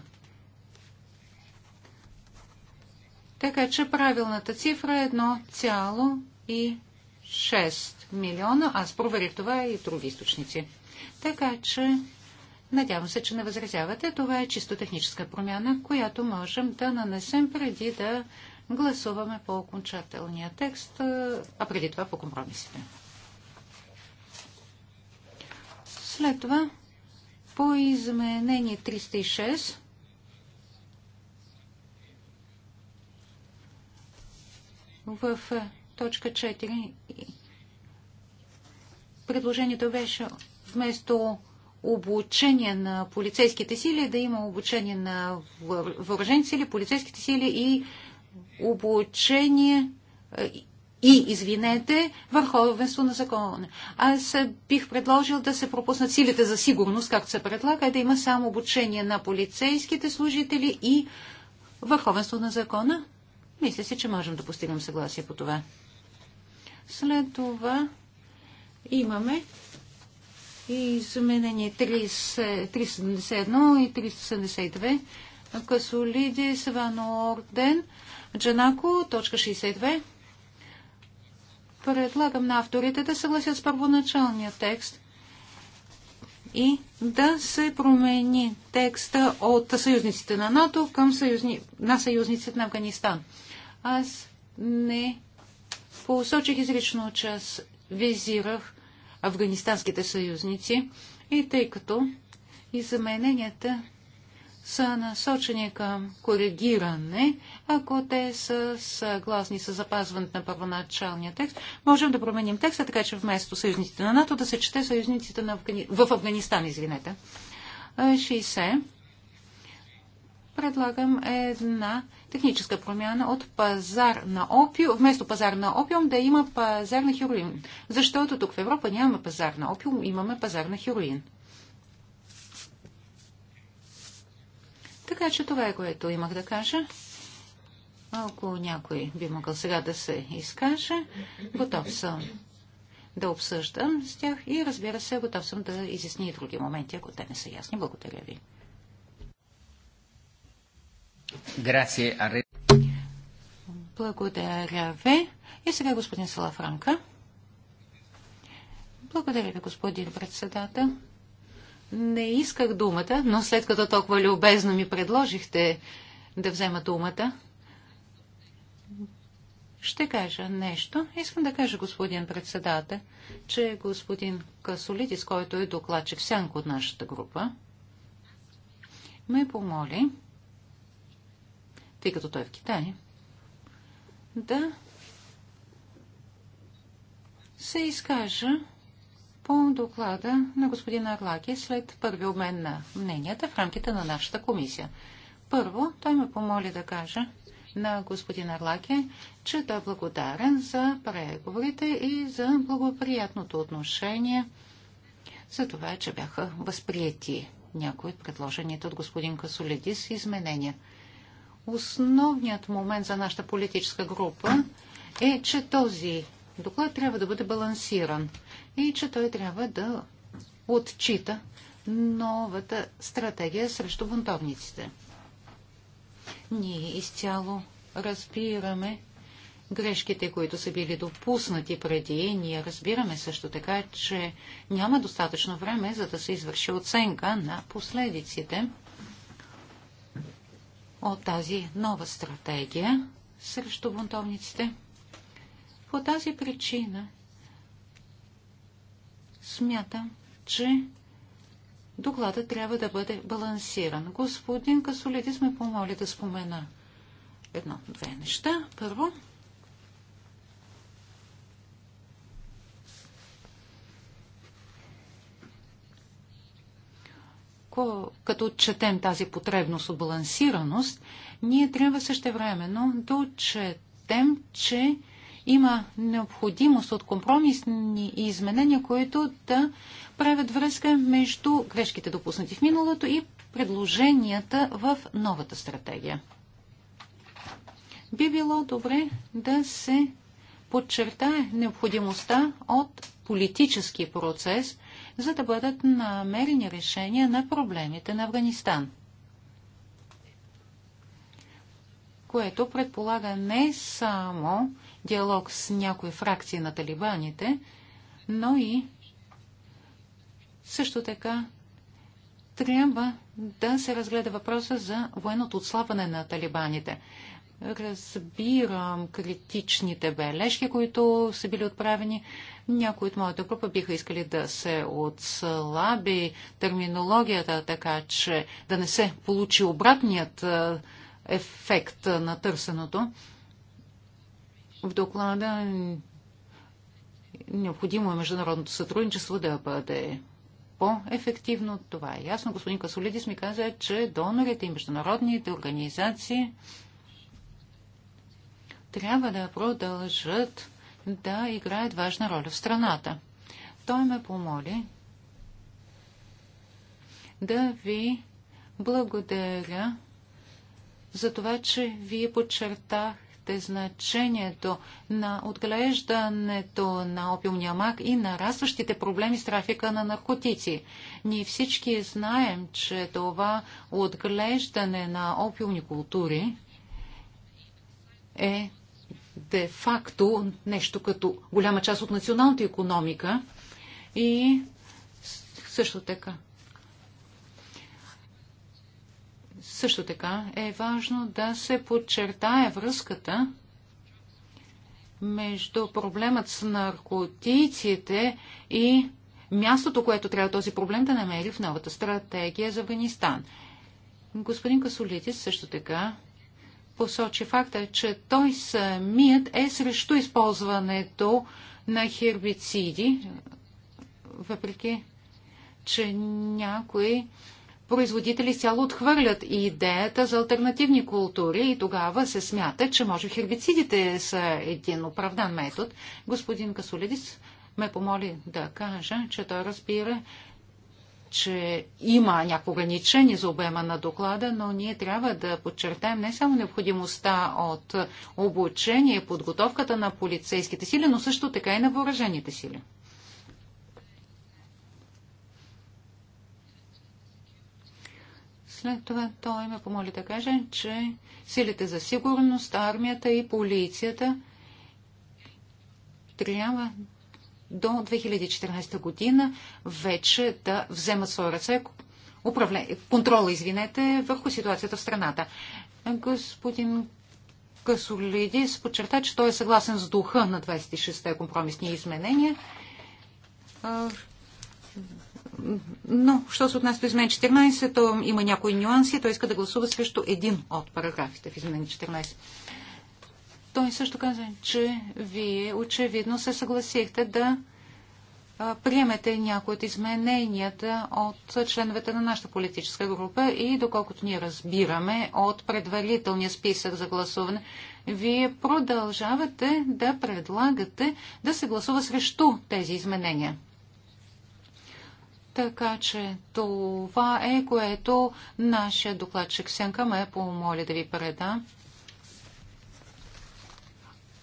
Така че правилната цифра е 1,6 милиона. Аз проверих това и други източници. Така че надявам се, че не възразявате. Това е чисто техническа промяна, която можем да нанесем преди да гласуваме по окончателния текст, а преди това по компромисите. След това по изменение 306 в е, точка 4 предложението беше вместо обучение на полицейските сили, да има обучение на въоръжените сили, полицейските сили и обучение е, и, извинете, върховенство на закона. Аз бих предложил да се пропуснат силите за сигурност, както се предлага, да има само обучение на полицейските служители и върховенство на закона. Мисля си, че можем да постигнем съгласие по това. След това имаме и изменение 371 и 372. Касолиди, Савано Орден, Джанако, точка 62. Предлагам на авторите да съгласят с първоначалния текст и да се промени текста от съюзниците на НАТО към съюзни... на съюзниците на Афганистан. Аз не посочих изрично, че аз визирах афганистанските съюзници и тъй като и за са насочени към коригиране, ако те са съгласни с запазването на първоначалния текст, можем да променим текста, така че вместо съюзниците на НАТО да се чете съюзниците на Афгани... в Афганистан, извинете. 60. Е, Предлагам една техническа промяна от пазар на опиум, вместо пазар на опиум да има пазар на хероин. Защото тук в Европа нямаме пазар на опиум, имаме пазар на хероин. Така че това е което имах да кажа. Ако някой би могъл сега да се изкаже, готов съм да обсъждам с тях и разбира се, готов съм да изясни и други моменти, ако те не са ясни. Благодаря ви. Благодаря ви. И сега господин Салафранка. Благодаря ви, господин председател не исках думата, но след като толкова любезно ми предложихте да взема думата, ще кажа нещо. Искам да кажа, господин председател, че господин Касолитис, който е докладчик сянко от нашата група, ме помоли, тъй като той е в Китай, да се изкажа по доклада на господин Арлаки след първи обмен на мненията в рамките на нашата комисия. Първо, той ме помоли да кажа на господин Арлаки, че той е благодарен за преговорите и за благоприятното отношение за това, че бяха възприяти някои от предложените от господин Касолидис изменения. Основният момент за нашата политическа група е, че този доклад трябва да бъде балансиран и че той трябва да отчита новата стратегия срещу бунтовниците. Ние изцяло разбираме грешките, които са били допуснати преди. Ние разбираме също така, че няма достатъчно време, за да се извърши оценка на последиците от тази нова стратегия срещу бунтовниците. По тази причина Смятам, че доклада трябва да бъде балансиран. Господин Касолидис ме помоли да спомена едно-две неща. Първо, като четем тази потребност от балансираност, ние трябва същевременно да отчетем, че има необходимост от компромисни изменения, които да правят връзка между грешките допуснати в миналото и предложенията в новата стратегия. Би било добре да се подчертае необходимостта от политически процес, за да бъдат намерени решения на проблемите на Афганистан. което предполага не само диалог с някои фракции на талибаните, но и също така трябва да се разгледа въпроса за военното отслабване на талибаните. Разбирам критичните бележки, които са били отправени. Някои от моята група биха искали да се отслаби терминологията, така че да не се получи обратният ефект на търсеното. В доклада необходимо е международното сътрудничество да бъде по-ефективно. Това е ясно. Господин Касолидис ми каза, че донорите и международните организации трябва да продължат да играят важна роля в страната. Той ме помоли да ви благодаря за това, че вие подчертах подчертахте значението на отглеждането на опилния мак и нарастващите проблеми с трафика на наркотици. Ние всички знаем, че това отглеждане на опилни култури е де-факто нещо като голяма част от националната економика и също така Също така е важно да се подчертае връзката между проблемът с наркотиците и мястото, което трябва този проблем да намери в новата стратегия за Афганистан. Господин Касолитис също така посочи факта, че той самият е срещу използването на хербициди, въпреки че някои производители цяло отхвърлят и идеята за альтернативни култури и тогава се смята, че може хербицидите са един оправдан метод. Господин Касолидис ме помоли да кажа, че той разбира, че има някакво ограничение за обема на доклада, но ние трябва да подчертаем не само необходимостта от обучение, подготовката на полицейските сили, но също така и на въоръжените сили. След това той ме помоли да кажа, че силите за сигурност, армията и полицията трябва до 2014 година вече да вземат своя ръце управление, контрола, извинете, върху ситуацията в страната. Господин Касолидис подчерта, че той е съгласен с духа на 26-те компромисни изменения но, що се отнася до измене 14, то има някои нюанси. Той иска да гласува срещу един от параграфите в измене 14. Той също каза, че вие очевидно се съгласихте да приемете някои от измененията от членовете на нашата политическа група и доколкото ние разбираме от предварителния списък за гласуване, вие продължавате да предлагате да се гласува срещу тези изменения. Така че това е, което нашия докладчик Сенка ме помоли да ви преда.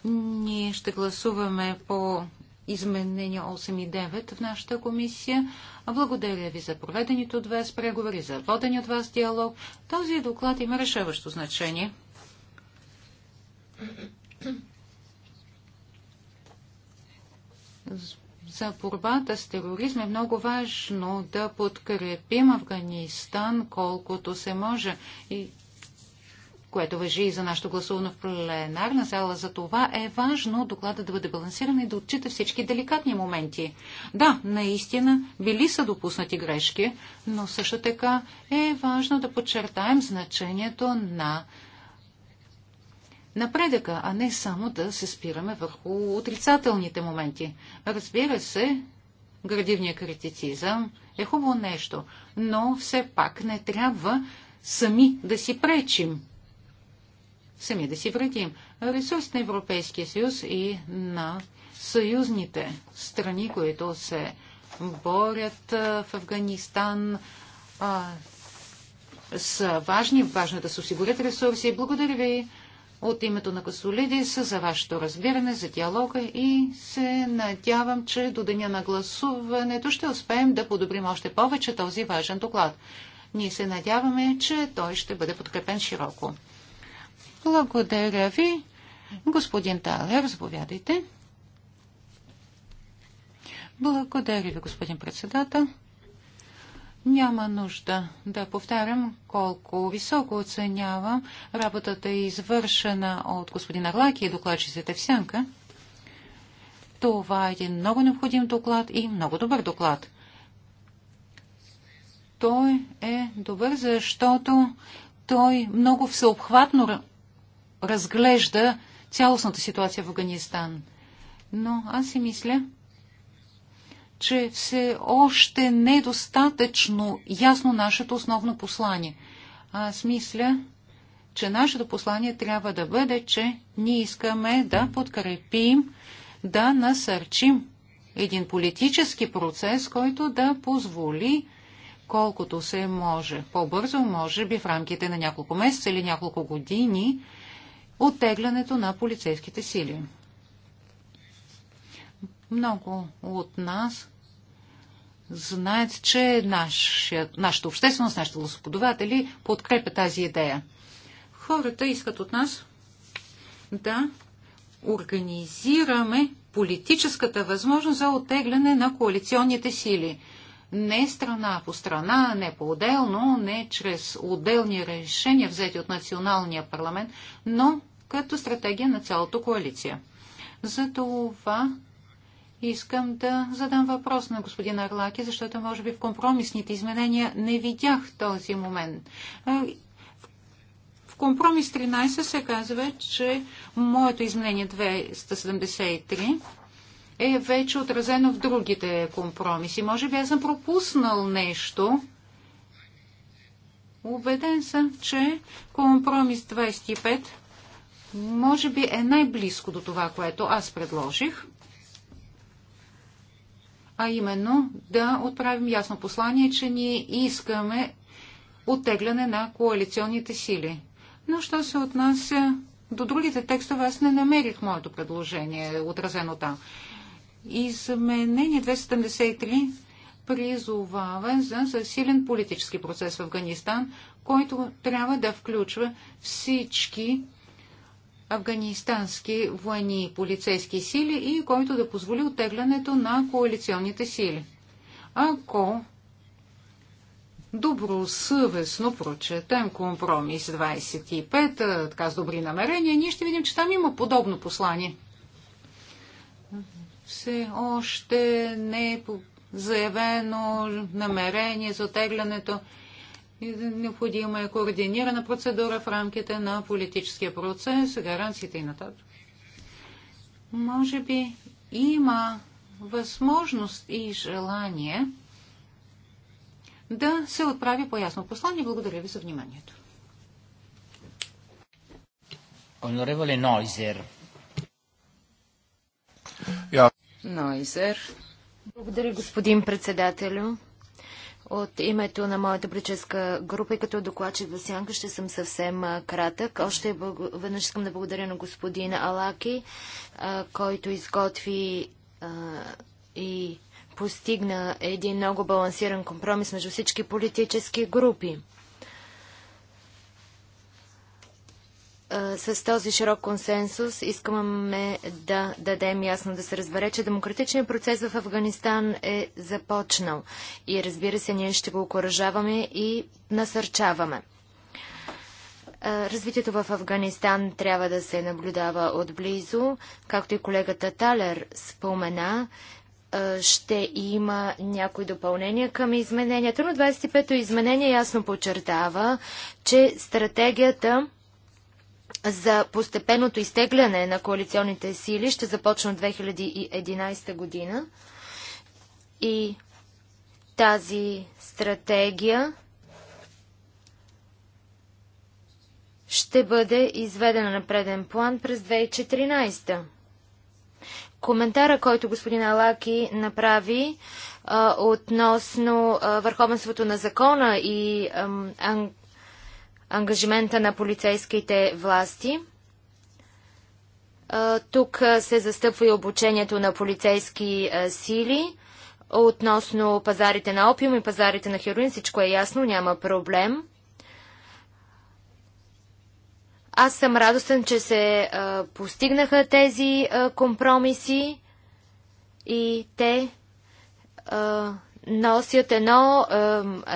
Ние ще гласуваме по изменения 8 и 9 в нашата комисия. Благодаря ви за проведените от вас преговори, за водени от вас диалог. Този доклад има решаващо значение за борбата с тероризма е много важно да подкрепим Афганистан колкото се може и което въжи и за нашето гласуване в пленарна зала. За това е важно доклада да бъде балансиран и да отчита всички деликатни моменти. Да, наистина били са допуснати грешки, но също така е важно да подчертаем значението на напредъка, а не само да се спираме върху отрицателните моменти. Разбира се, градивният критицизъм е хубаво нещо, но все пак не трябва сами да си пречим, сами да си вредим. Ресурс на Европейския съюз и на съюзните страни, които се борят в Афганистан, са важни. Важно е да се осигурят ресурси. Благодаря ви от името на Касолидис за вашето разбиране, за диалога и се надявам, че до деня на гласуването ще успеем да подобрим още повече този важен доклад. Ние се надяваме, че той ще бъде подкрепен широко. Благодаря ви. Господин Талер, заповядайте. Благодаря ви, господин председател. Няма нужда да повтарям колко високо оценявам работата е извършена от господин Арлаки и докладчиците в Сянка. Това е един много необходим доклад и много добър доклад. Той е добър, защото той много всеобхватно разглежда цялостната ситуация в Афганистан. Но аз си мисля, че все още не е достатъчно ясно нашето основно послание. Аз мисля, че нашето послание трябва да бъде, че ние искаме да подкрепим, да насърчим един политически процес, който да позволи колкото се може, по-бързо, може би в рамките на няколко месеца или няколко години, оттеглянето на полицейските сили. Много от нас знаят, че нашия, нашата общественост, нашите лосоподаватели подкрепят тази идея. Хората искат от нас да организираме политическата възможност за отегляне на коалиционните сили. Не страна по страна, не по-отделно, не чрез отделни решения, взети от националния парламент, но като стратегия на цялото коалиция. За това Искам да задам въпрос на господин Арлаки, защото може би в компромисните изменения не видях този момент. В компромис 13 се казва, че моето изменение 273 е вече отразено в другите компромиси. Може би аз съм пропуснал нещо. Убеден съм, че компромис 25 може би е най-близко до това, което аз предложих а именно да отправим ясно послание, че ние искаме оттегляне на коалиционните сили. Но що се отнася до другите текстове, аз не намерих моето предложение отразено там. Изменение 273 призовава за засилен политически процес в Афганистан, който трябва да включва всички афганистански военни и полицейски сили и който да позволи оттеглянето на коалиционните сили. Ако добросъвестно прочетем компромис 25, така с добри намерения, ние ще видим, че там има подобно послание. Все още не е заявено намерение за оттеглянето. Необходима е координирана процедура в рамките на политическия процес, гаранциите и нататък. Може би има възможност и желание да се отправи по-ясно послание. Благодаря ви за вниманието. Онореволе Нойзер. Нойзер. Благодаря, господин председателю. От името на моята прическа група и като докладчик в Сянка ще съм съвсем кратък. Още веднъж искам да благодаря на господин Алаки, който изготви и постигна един много балансиран компромис между всички политически групи. с този широк консенсус искаме да дадем ясно да се разбере, че демократичният процес в Афганистан е започнал. И разбира се, ние ще го окоръжаваме и насърчаваме. Развитието в Афганистан трябва да се наблюдава отблизо. Както и колегата Талер спомена, ще има някои допълнения към измененията, но 25-то изменение ясно подчертава, че стратегията за постепенното изтегляне на коалиционните сили ще започне от 2011 година и тази стратегия ще бъде изведена на преден план през 2014. Коментара, който господин Алаки направи а, относно а, върховенството на закона и а, ангажимента на полицейските власти. Тук се застъпва и обучението на полицейски сили относно пазарите на опиум и пазарите на хероин. Всичко е ясно, няма проблем. Аз съм радостен, че се постигнаха тези компромиси и те носят едно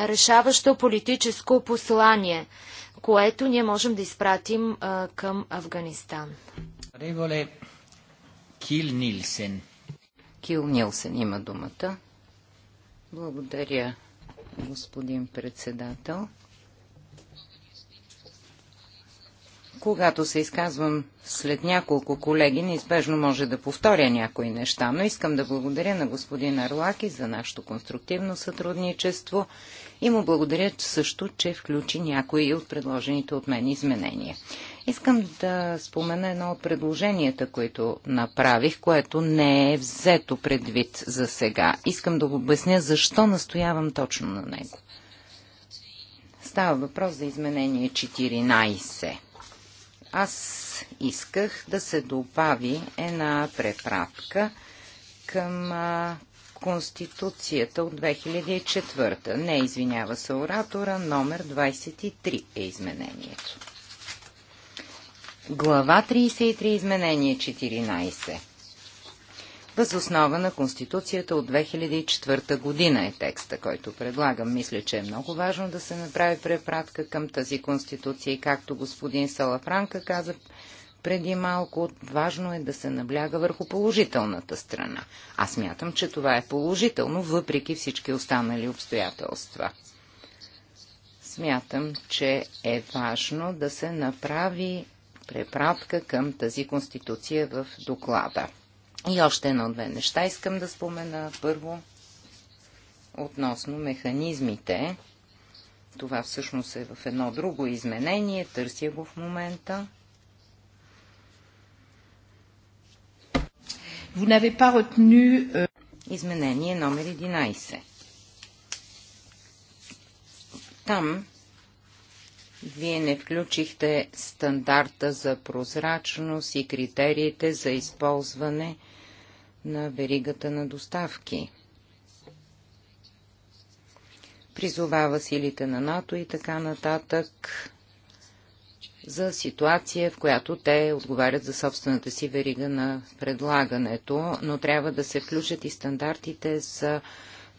решаващо политическо послание което ние можем да изпратим а, към Афганистан. Револе Кил Нилсен. Кил Нилсен има думата. Благодаря, господин председател. когато се изказвам след няколко колеги, неизбежно може да повторя някои неща, но искам да благодаря на господин Арлаки за нашето конструктивно сътрудничество и му благодаря също, че включи някои от предложените от мен изменения. Искам да спомена едно от предложенията, които направих, което не е взето предвид за сега. Искам да го обясня защо настоявам точно на него. Става въпрос за изменение 14. Аз исках да се добави една препратка към Конституцията от 2004. Не извинява се оратора, номер 23 е изменението. Глава 33, изменение 14. Възоснова на Конституцията от 2004 година е текста, който предлагам. Мисля, че е много важно да се направи препратка към тази Конституция и както господин Салафранка каза, преди малко, важно е да се набляга върху положителната страна. Аз мятам, че това е положително, въпреки всички останали обстоятелства. Смятам, че е важно да се направи препратка към тази конституция в доклада. И още едно-две неща искам да спомена. Първо, относно механизмите. Това всъщност е в едно друго изменение, търся го в момента. Vous n'avez pas retenu... Euh, Изменение номер 11. Там вие не включихте стандарта за прозрачност и критериите за използване на веригата на доставки. Призовава силите на НАТО и така нататък за ситуация, в която те отговарят за собствената си верига на предлагането, но трябва да се включат и стандартите за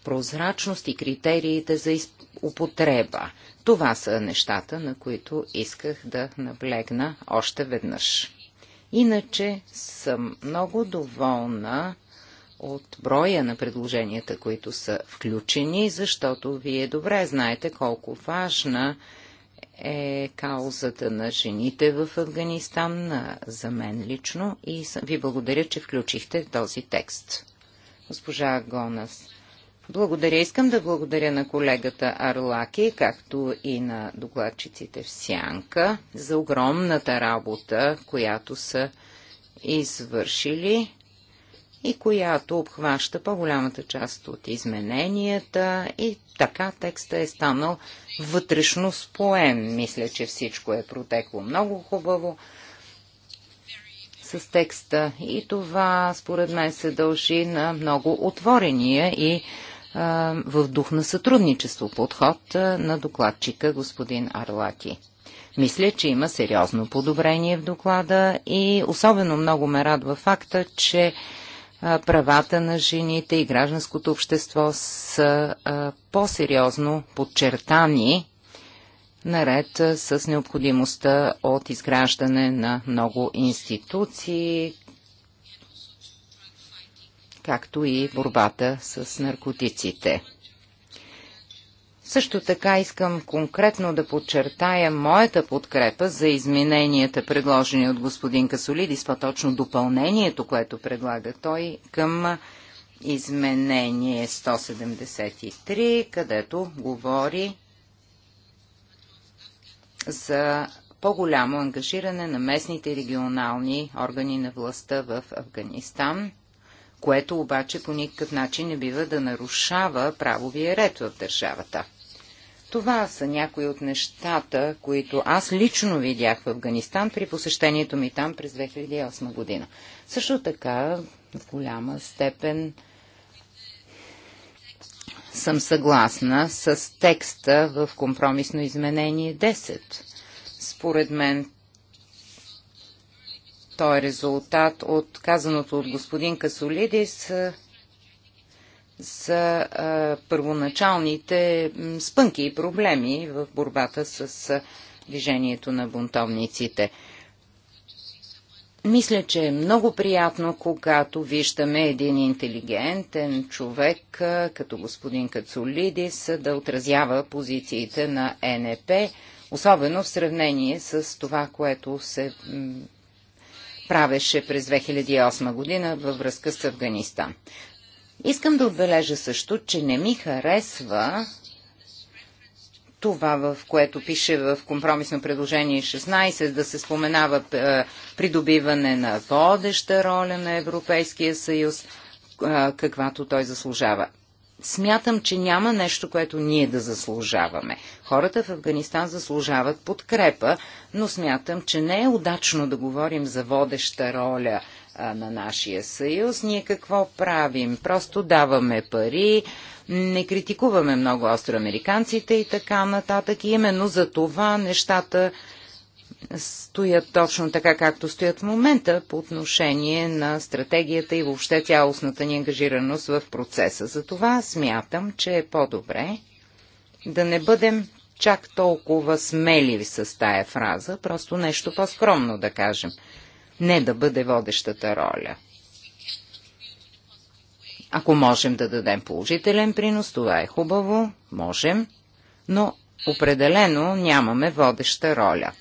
прозрачност и критериите за употреба. Това са нещата, на които исках да наблегна още веднъж. Иначе съм много доволна от броя на предложенията, които са включени, защото вие добре знаете колко важна е е каузата на жените в Афганистан, за мен лично, и ви благодаря, че включихте този текст. Госпожа Гонас. Благодаря. Искам да благодаря на колегата Арлаки, както и на докладчиците в Сянка, за огромната работа, която са извършили и която обхваща по-голямата част от измененията и така текста е станал вътрешно споен. Мисля, че всичко е протекло много хубаво с текста и това според мен се дължи на много отворения и в дух на сътрудничество подход на докладчика господин Арлаки. Мисля, че има сериозно подобрение в доклада и особено много ме радва факта, че правата на жените и гражданското общество са по-сериозно подчертани наред с необходимостта от изграждане на много институции, както и борбата с наркотиците. Също така искам конкретно да подчертая моята подкрепа за измененията, предложени от господин Касолидис, по-точно допълнението, което предлага той към изменение 173, където говори за по-голямо ангажиране на местните и регионални органи на властта в Афганистан, което обаче по никакъв начин не бива да нарушава правовия ред в държавата. Това са някои от нещата, които аз лично видях в Афганистан при посещението ми там през 2008 година. Също така, в голяма степен съм съгласна с текста в компромисно изменение 10. Според мен той е резултат от казаното от господин Касолидис за а, първоначалните спънки и проблеми в борбата с а, движението на бунтовниците. Мисля, че е много приятно, когато виждаме един интелигентен човек, а, като господин Кацолидис, да отразява позициите на НЕП, особено в сравнение с това, което се правеше през 2008 година във връзка с Афганистан. Искам да отбележа също, че не ми харесва това, в което пише в компромисно предложение 16, да се споменава е, придобиване на водеща роля на Европейския съюз, е, каквато той заслужава. Смятам, че няма нещо, което ние да заслужаваме. Хората в Афганистан заслужават подкрепа, но смятам, че не е удачно да говорим за водеща роля – на нашия съюз, ние какво правим? Просто даваме пари, не критикуваме много остроамериканците и така нататък. И именно за това нещата стоят точно така, както стоят в момента по отношение на стратегията и въобще цялостната ни ангажираност в процеса. Затова смятам, че е по-добре да не бъдем чак толкова смели с тая фраза, просто нещо по-скромно да кажем – не да бъде водещата роля. Ако можем да дадем положителен принос, това е хубаво, можем, но определено нямаме водеща роля.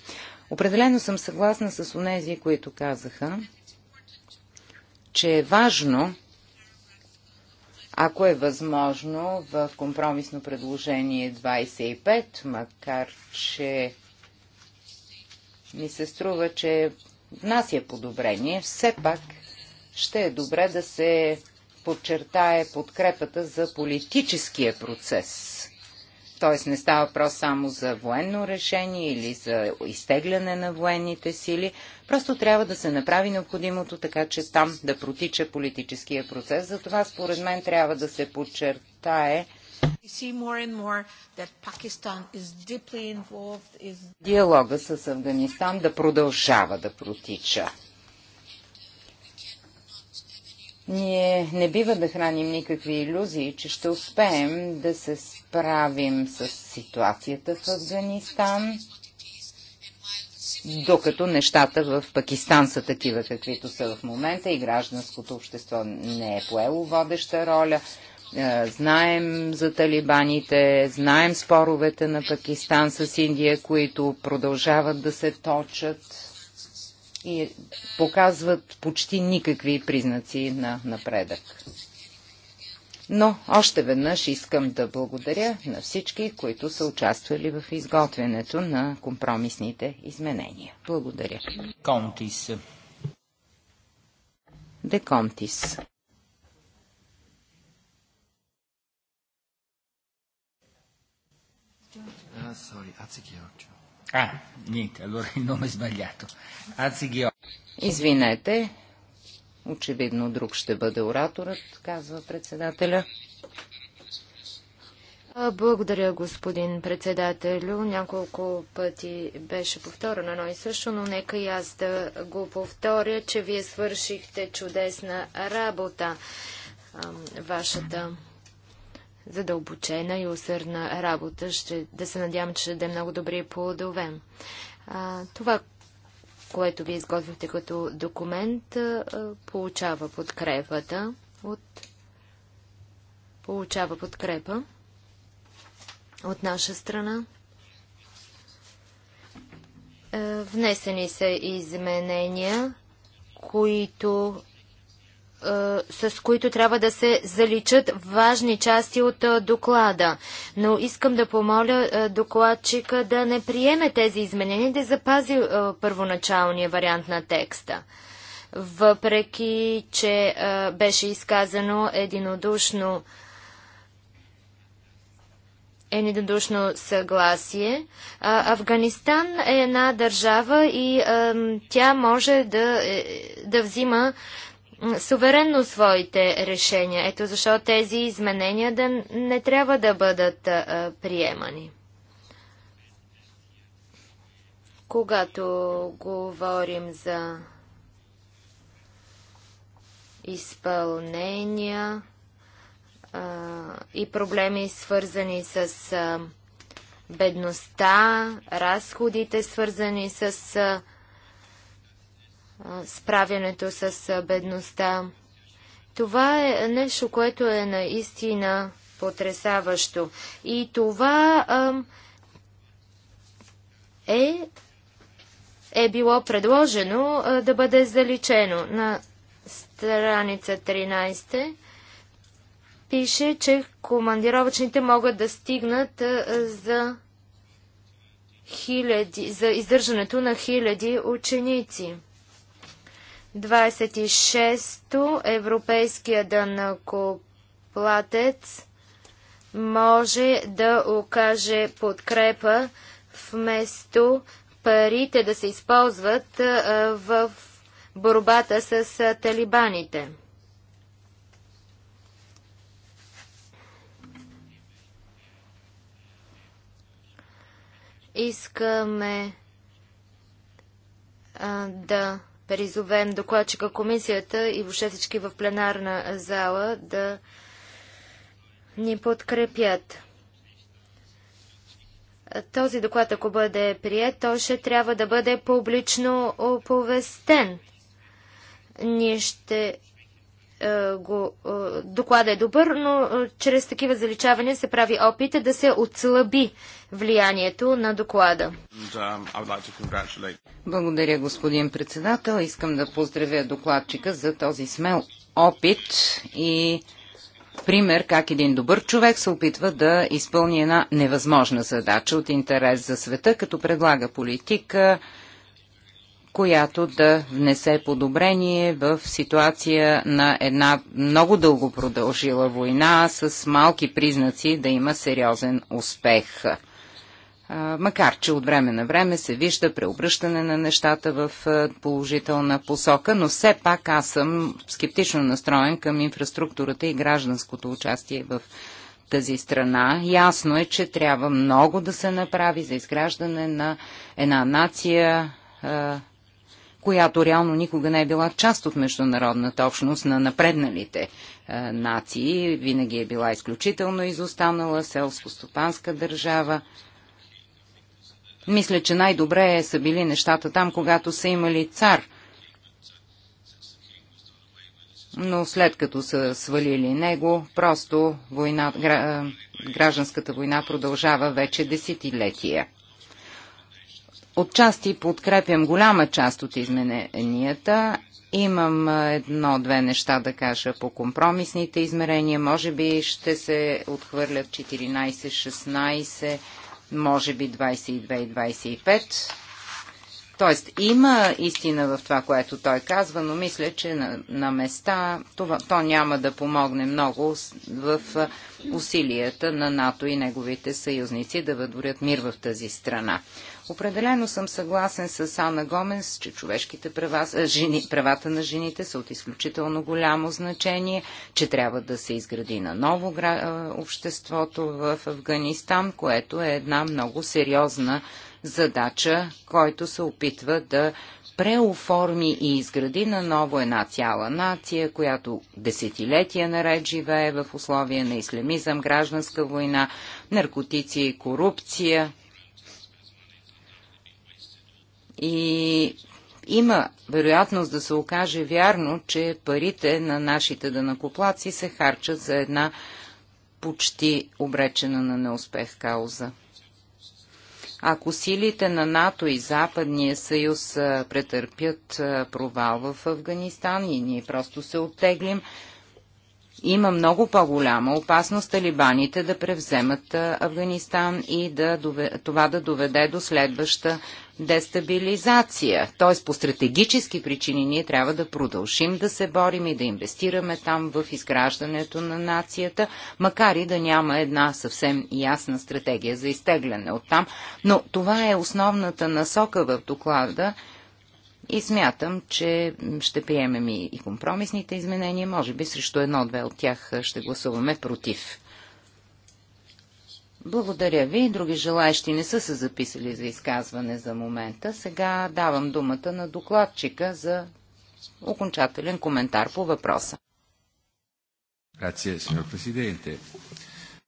Определено съм съгласна с онези, които казаха, че е важно, ако е възможно, в компромисно предложение 25, макар че ми се струва, че е внася подобрение, все пак ще е добре да се подчертае подкрепата за политическия процес. Т.е. не става въпрос само за военно решение или за изтегляне на военните сили. Просто трябва да се направи необходимото, така че там да протича политическия процес. Затова, според мен, трябва да се подчертае Диалога с Афганистан да продължава да протича. Ние не бива да храним никакви иллюзии, че ще успеем да се справим с ситуацията в Афганистан, докато нещата в Пакистан са такива, каквито са в момента и гражданското общество не е поело водеща роля. Е, знаем за талибаните, знаем споровете на Пакистан с Индия, които продължават да се точат и показват почти никакви признаци на напредък. Но още веднъж искам да благодаря на всички, които са участвали в изготвянето на компромисните изменения. Благодаря. Контис. Деконтис. sorry, Azichioccio. Ah, niente, allora il nome è sbagliato. Azichioccio. Извинете, очевидно друг ще бъде ораторът, казва председателя. Благодаря, господин председателю. Няколко пъти беше повторено едно и също, но нека и аз да го повторя, че вие свършихте чудесна работа. Вашата задълбочена и усърдна работа. Ще, да се надявам, че ще даде много добри плодове. това, което ви изготвихте като документ, а, получава подкрепата от получава подкрепа от наша страна. Внесени са изменения, които е, с които трябва да се заличат важни части от е, доклада. Но искам да помоля е, докладчика да не приеме тези изменения, да запази първоначалния вариант на текста. Въпреки, че беше изказано единодушно единодушно съгласие. А, Афганистан е една държава и а, тя може да, да взима суверенно своите решения. Ето защо тези изменения да не трябва да бъдат приемани. Когато говорим за изпълнения и проблеми свързани с бедността, разходите свързани с справянето с бедността. Това е нещо, което е наистина потрясаващо. И това е, е било предложено да бъде заличено. На страница 13 пише, че командировачните могат да стигнат за, хиляди, за издържането на хиляди ученици. 26-то Европейския дънакоплатец може да окаже подкрепа вместо парите да се използват в борбата с талибаните. Искаме а, да призовем докладчика комисията и въобще всички в пленарна зала да ни подкрепят. Този доклад, ако бъде прият, той ще трябва да бъде публично оповестен. Ние ще е, го, е, доклада е добър, но е, чрез такива заличавания се прави опит да се отслаби влиянието на доклада. Um, Благодаря, господин председател. Искам да поздравя докладчика за този смел опит и пример как един добър човек се опитва да изпълни една невъзможна задача от интерес за света, като предлага политика, която да внесе подобрение в ситуация на една много дълго продължила война с малки признаци да има сериозен успех. Макар, че от време на време се вижда преобръщане на нещата в положителна посока, но все пак аз съм скептично настроен към инфраструктурата и гражданското участие в тази страна. Ясно е, че трябва много да се направи за изграждане на една нация, която реално никога не е била част от международната общност на напредналите е, нации. Винаги е била изключително изостанала селско-стопанска държава. Мисля, че най-добре са били нещата там, когато са имали цар. Но след като са свалили него, просто война, е, гражданската война продължава вече десетилетия отчасти подкрепям голяма част от измененията. Имам едно-две неща да кажа по компромисните измерения. Може би ще се отхвърлят 14, 16, може би 22 и 25. Тоест, има истина в това, което той казва, но мисля, че на, на места това, то няма да помогне много в усилията на НАТО и неговите съюзници да въдворят мир в тази страна. Определено съм съгласен с Ана Гоменс, че човешките права, жени, правата на жените са от изключително голямо значение, че трябва да се изгради на ново обществото в Афганистан, което е една много сериозна задача, който се опитва да преоформи и изгради на ново една цяла нация, която десетилетия наред живее в условия на ислямизъм, гражданска война, наркотици и корупция. И има вероятност да се окаже вярно, че парите на нашите данакоплаци се харчат за една почти обречена на неуспех кауза. Ако силите на НАТО и Западния съюз претърпят провал в Афганистан и ние просто се оттеглим, има много по-голяма опасност талибаните да превземат Афганистан и да дове... това да доведе до следваща дестабилизация. Т.е. по стратегически причини ние трябва да продължим да се борим и да инвестираме там в изграждането на нацията, макар и да няма една съвсем ясна стратегия за изтегляне от там. Но това е основната насока в доклада и смятам, че ще приемем и компромисните изменения. Може би срещу едно-две от тях ще гласуваме против. Благодаря ви. Други желаящи не са се записали за изказване за момента. Сега давам думата на докладчика за окончателен коментар по въпроса.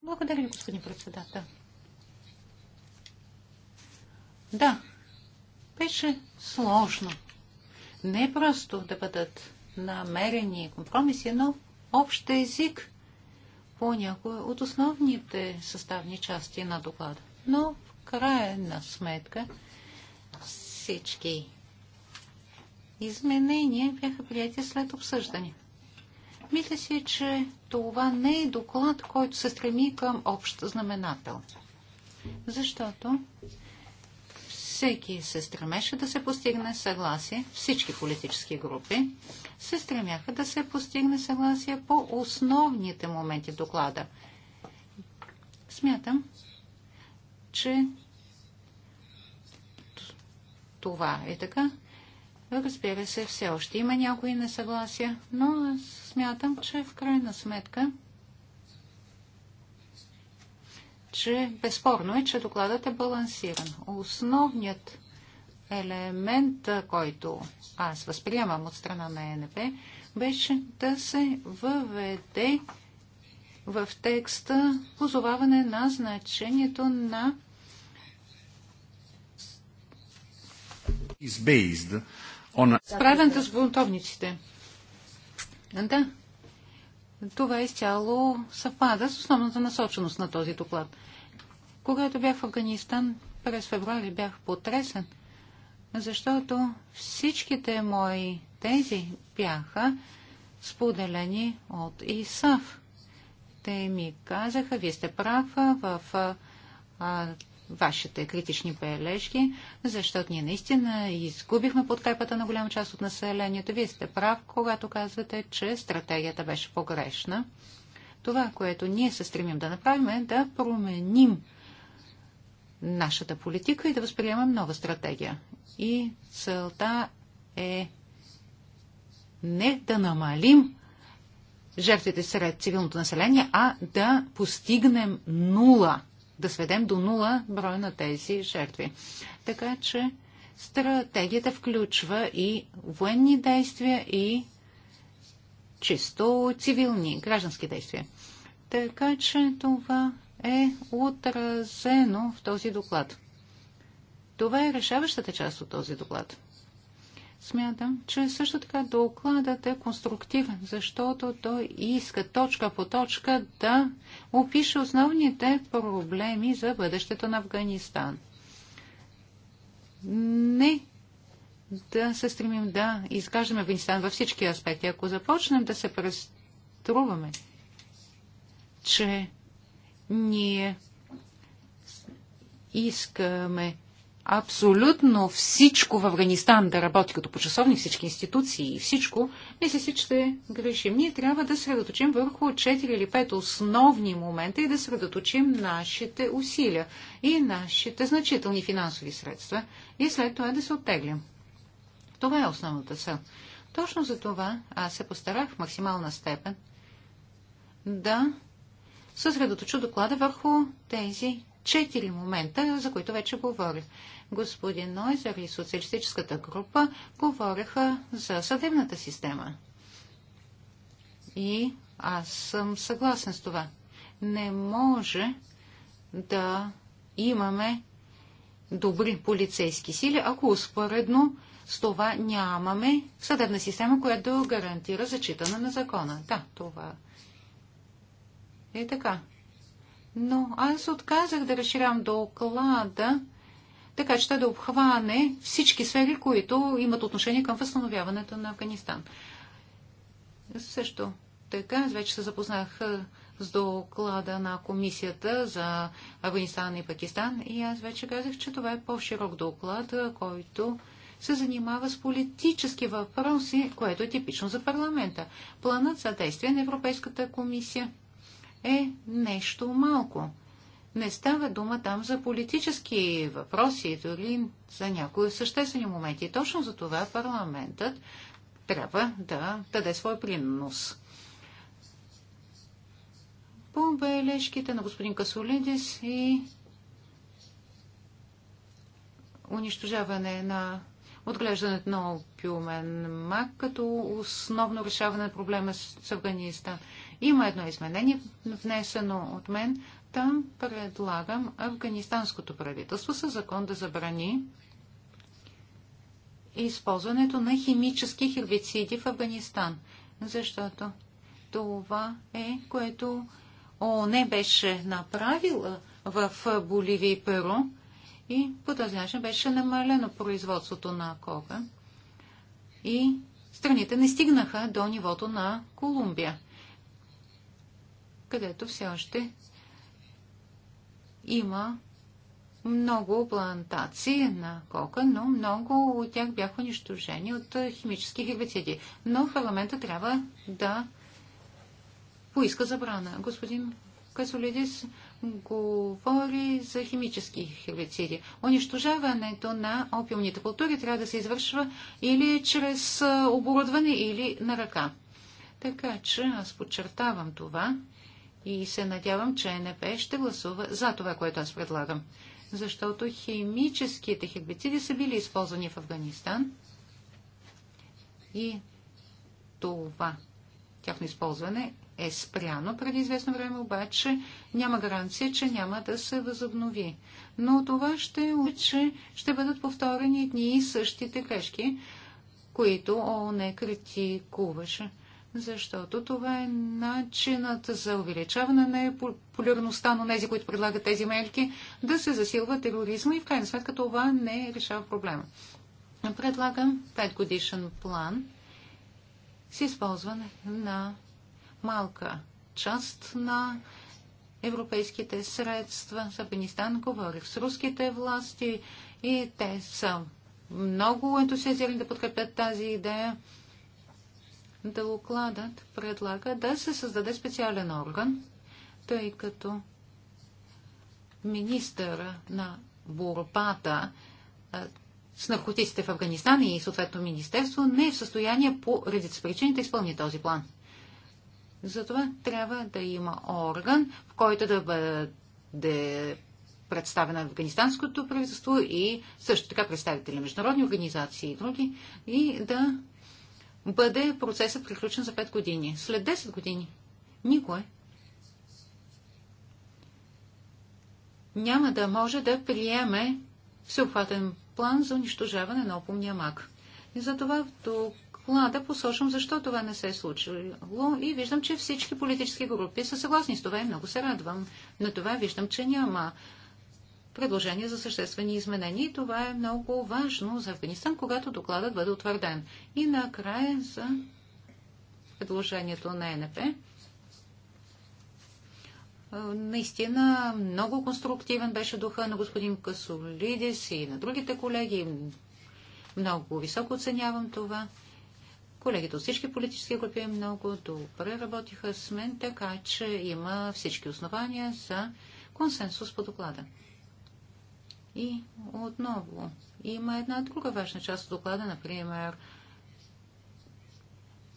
Благодаря ви, господин председател. Да, беше сложно не е просто да бъдат намерени компромиси, е но общ език по някои от основните съставни части на доклада. Но в крайна сметка всички изменения бяха прияти след обсъждане. Мисля си, че това не е доклад, който се стреми към общ знаменател. Защото всеки се стремеше да се постигне съгласие, всички политически групи се стремяха да се постигне съгласие по основните моменти в доклада. Смятам, че това е така. Разбира се, все още има някои несъгласия, но смятам, че в крайна сметка че безспорно е, че докладът е балансиран. Основният елемент, който аз възприемам от страна на ЕНП, беше да се въведе в текста позоваване на значението на on... справянето с бунтовниците. Да, това изцяло съвпада с основната насоченост на този доклад. Когато бях в Афганистан през февруари бях потресен, защото всичките мои тези бяха споделени от ИСАВ. Те ми казаха, вие сте права в вашите критични бележки, защото ние наистина изгубихме подкрепата на голяма част от населението. Вие сте прав, когато казвате, че стратегията беше погрешна. Това, което ние се стремим да направим е да променим нашата политика и да възприемем нова стратегия. И целта е не да намалим жертвите сред цивилното население, а да постигнем нула – да сведем до нула броя на тези жертви. Така че стратегията включва и военни действия, и чисто цивилни, граждански действия. Така че това е отразено в този доклад. Това е решаващата част от този доклад смятам, че също така докладът е конструктивен, защото той иска точка по точка да опише основните проблеми за бъдещето на Афганистан. Не да се стремим да изкажем Афганистан във всички аспекти. Ако започнем да се преструваме, че ние искаме абсолютно всичко в Афганистан да работи като почасовни, всички институции и всичко, мисля си, че ще грешим. Ние трябва да средоточим върху 4 или 5 основни момента и да средоточим нашите усилия и нашите значителни финансови средства и след това да се оттеглим. Това е основната цел. Точно за това аз се постарах в максимална степен да съсредоточа доклада върху тези четири момента, за които вече говорих господин Нойзер и социалистическата група говореха за съдебната система. И аз съм съгласен с това. Не може да имаме добри полицейски сили, ако успоредно с това нямаме съдебна система, която да гарантира зачитане на закона. Да, това е така. Но аз отказах да разширявам доклада така че той да обхване всички сфери, които имат отношение към възстановяването на Афганистан. Също така, вече се запознах с доклада на комисията за Афганистан и Пакистан и аз вече казах, че това е по-широк доклад, който се занимава с политически въпроси, което е типично за парламента. Планът за действие на Европейската комисия е нещо малко. Не става дума там за политически въпроси, дори за някои съществени моменти. Точно за това парламентът трябва да даде свой принос. По бележките на господин Касолидис и унищожаване на отглеждането на опиумен мак като основно решаване на проблема с Афганистан. Има едно изменение, внесено от мен, та предлагам афганистанското правителство със закон да забрани използването на химически хербициди в Афганистан, защото това е, което не беше направила в Боливия и Перу и по този начин беше намалено производството на кока и страните не стигнаха до нивото на Колумбия, където все още има много плантации на кока, но много от тях бяха унищожени от химически хибициди. Но парламента трябва да поиска забрана. Господин Касолидис говори за химически хибициди. Унищожаването на опиумните култури трябва да се извършва или чрез оборудване, или на ръка. Така че аз подчертавам това и се надявам, че НП ще гласува за това, което аз предлагам. Защото химическите хербициди са били използвани в Афганистан и това тяхно използване е спряно преди известно време, обаче няма гаранция, че няма да се възобнови. Но това ще учи, ще бъдат повторени дни и същите грешки, които ООН е критикуваше защото това е начинът за увеличаване на е популярността на тези, които предлагат тези мерки, да се засилва тероризма и в крайна сметка това не решава проблема. Предлагам 5 годишен план с използване на малка част на европейските средства. С Афганистан говорих с руските власти и те са много ентусиазирани да подкрепят тази идея. Делокладът предлага да се създаде специален орган, тъй като министър на борбата с наркотиците в Афганистан и съответно министерство не е в състояние по редица причини да изпълни този план. Затова трябва да има орган, в който да бъде представена афганистанското правителство и също така представители на международни организации и други, и да бъде процесът приключен за 5 години. След 10 години никой няма да може да приеме всеобхватен план за унищожаване на опомния мак. И затова в доклада посочвам защо това не се е случило и виждам, че всички политически групи са съгласни с това и много се радвам. На това виждам, че няма предложения за съществени изменения. И това е много важно за Афганистан, когато докладът бъде утвърден. И накрая за предложението на НП. Наистина много конструктивен беше духа на господин Касолидис и на другите колеги. Много високо оценявам това. Колегите от всички политически групи много добре работиха с мен, така че има всички основания за консенсус по доклада. И отново има една друга важна част от доклада, например,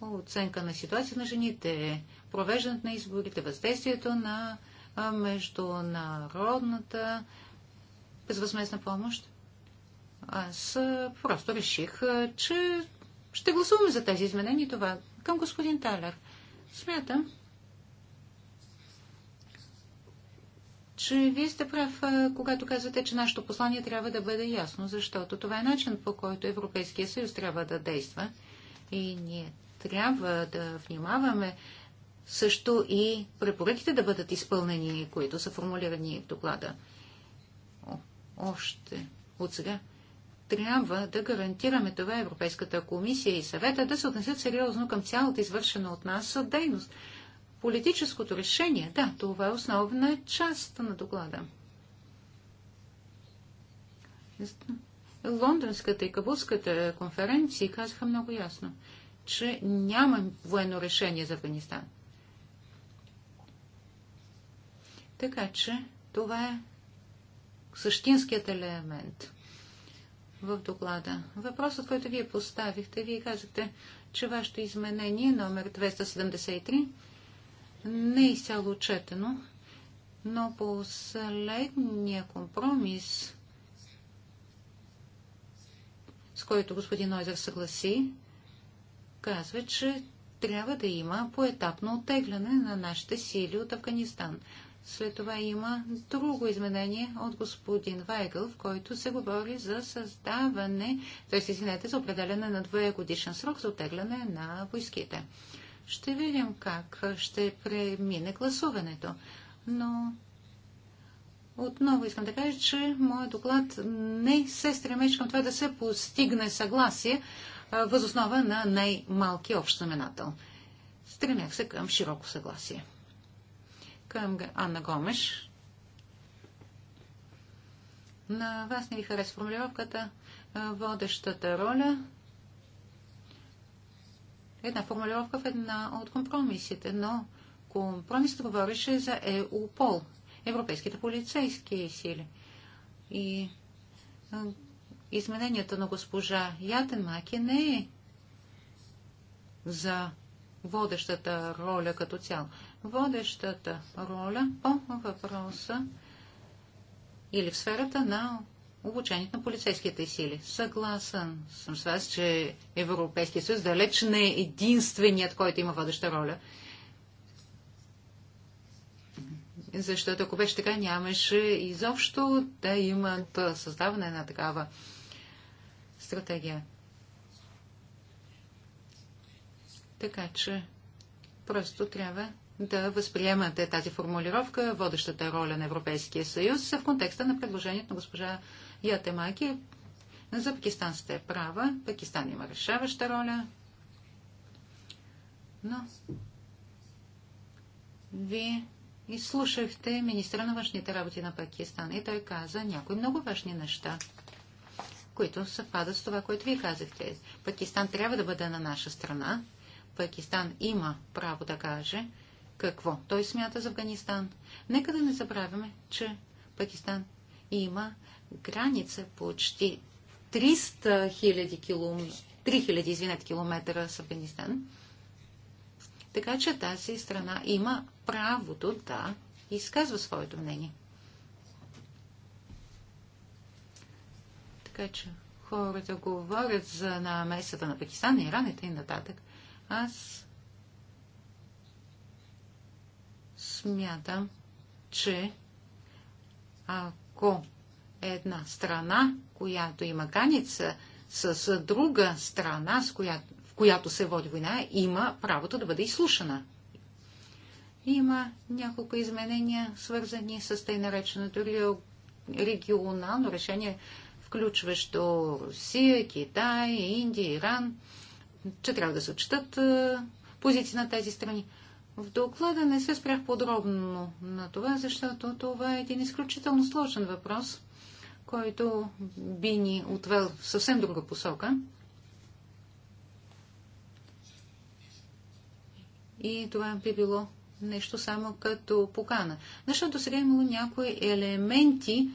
оценка на ситуация на жените, провеждането на изборите, въздействието на международната безвъзместна помощ. Аз просто реших, че ще гласуваме за тези изменения това към господин Талер. Смятам, че вие сте прав, когато казвате, че нашето послание трябва да бъде ясно, защото това е начин по който Европейския съюз трябва да действа и ние трябва да внимаваме също и препоръките да бъдат изпълнени, които са формулирани в доклада. О, още от сега трябва да гарантираме това Европейската комисия и съвета да се отнесат сериозно към цялата извършена от нас дейност политическото решение, да, това е основна част на доклада. Лондонската и Кабулската конференции казаха много ясно, че няма военно решение за Афганистан. Така че това е същинският елемент в доклада. Въпросът, който вие поставихте, вие казахте, че вашето изменение номер 273 не е изцяло отчетено, но последния компромис, с който господин Ойзер съгласи, казва, че трябва да има поетапно оттегляне на нашите сили от Афганистан. След това има друго изменение от господин Вайгъл, в който се говори за създаване, т.е. извинете, за определяне на две годишен срок за отегляне на войските. Ще видим как ще премине гласуването. Но отново искам да кажа, че моят доклад не се стремеше към това да се постигне съгласие възоснова на най-малки общ знаменател. Стремях се към широко съгласие. Към Анна Гомеш. На вас не ви харесва формулировката водещата роля една формулировка в една от компромисите, но компромисът говореше за ЕУПОЛ, Европейските полицейски сили. И изменението на госпожа Ятенмаки не е за водещата роля като цяло. Водещата роля по въпроса или в сферата на обучението на полицейските сили. Съгласен съм с вас, че Европейския съюз далеч не е единственият, който има водеща роля. Защото ако беше така, нямаше изобщо да имат създаване на такава стратегия. Така че просто трябва да възприемате тази формулировка, водещата роля на Европейския съюз в контекста на предложението на госпожа Ятемаки. За Пакистан сте права. Пакистан има решаваща роля. Но вие изслушахте министра на външните работи на Пакистан и той каза някои много важни неща, които съвпадат с това, което вие казахте. Пакистан трябва да бъде на наша страна. Пакистан има право да каже какво той смята за Афганистан. Нека да не забравяме, че Пакистан има граница почти 300 000 километра 3000, извинете, километра с Афганистан. Така че тази страна има правото да изказва своето мнение. Така че хората говорят за намесата на Пакистан, Иран и т.н. нататък. Аз смятам, че ако една страна, която има граница с друга страна, с която, в която се води война, има правото да бъде изслушана. Има няколко изменения, свързани с тъй нареченото регионално решение, включващо Русия, Китай, Индия, Иран, че трябва да се отчитат позиции на тези страни. В доклада не се спрях подробно на това, защото това е един изключително сложен въпрос – който би ни отвел в съвсем друга посока. И това би било нещо само като покана. Защото сега е имало някои елементи,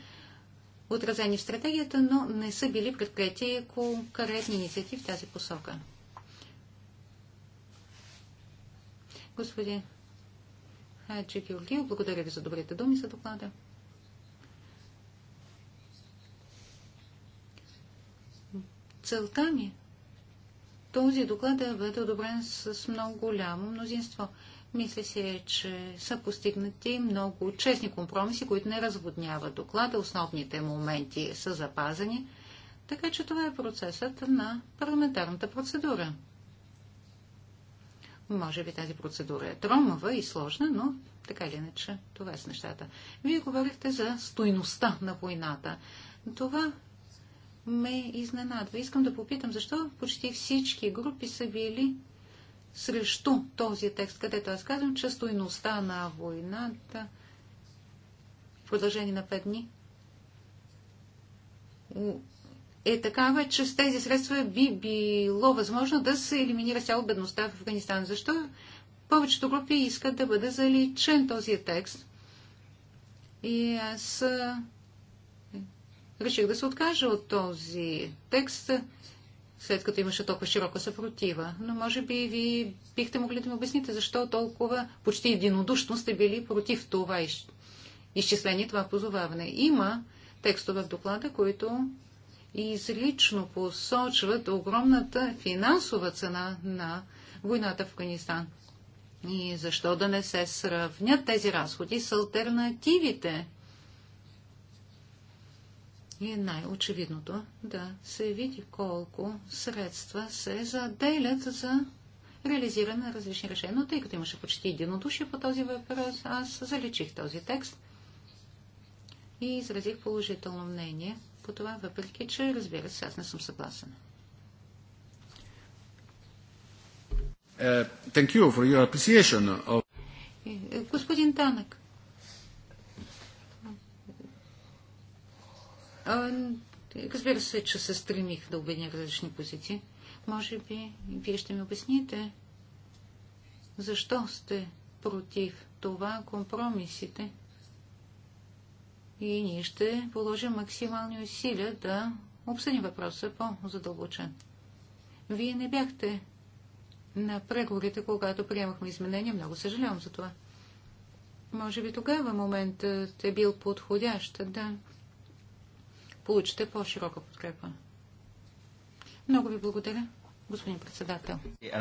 отразени в стратегията, но не са били предприяти конкретни инициативи в тази посока. Господин Хаджи Георгиев, благодаря ви за добрите думи за доклада. целта ми този доклад да е бъде одобрен с много голямо мнозинство. Мисля се, че са постигнати много честни компромиси, които не разводняват доклада. Основните моменти са запазени. Така че това е процесът на парламентарната процедура. Може би тази процедура е тромава и сложна, но така или иначе това е с нещата. Вие говорихте за стойността на войната. Това ме изненадва. Искам да попитам, защо почти всички групи са били срещу този текст, където аз казвам, че стойността на войната в продължение на 5 дни е такава, че с тези средства би било възможно да се елиминира цяло бедността в Афганистан. Защо повечето групи искат да бъде заличен този текст? И аз реших да се откажа от този текст, след като имаше толкова широка съпротива. Но може би ви бихте могли да ми обясните защо толкова почти единодушно сте били против това из... изчисление, това позоваване. Има текстове в доклада, които излично посочват огромната финансова цена на войната в Афганистан. И защо да не се сравнят тези разходи с альтернативите е най-очевидното да се види колко средства се заделят за реализиране на различни решения. Но тъй като имаше почти единодушие по този въпрос, аз заличих този текст и изразих положително мнение по това, въпреки че, разбира се, аз не съм съгласен. Uh, thank you for your appreciation of... Е, е, господин Танък, Разбира се, че се стремих да обединя различни позиции. Може би вие ще ми обясните защо сте против това компромисите и ние ще положим максимални усилия да обсъдим въпроса по-задълбочен. Вие не бяхте на преговорите, когато приемахме изменения. Много съжалявам за това. Може би тогава моментът е бил подходящ да получите по-широка подкрепа. Много ви благодаря, господин председател. E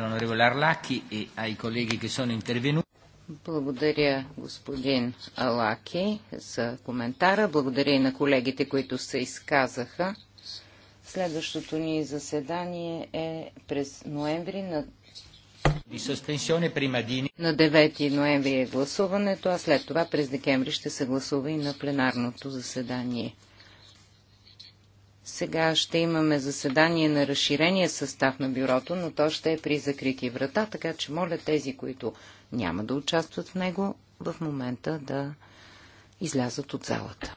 благодаря, господин Алаки, за коментара. Благодаря и на колегите, които се изказаха. Следващото ни заседание е през ноември на на 9 ноември е гласуването, а след това през декември ще се гласува и на пленарното заседание. Сега ще имаме заседание на разширения състав на бюрото, но то ще е при закрити врата, така че моля тези, които няма да участват в него, в момента да излязат от залата.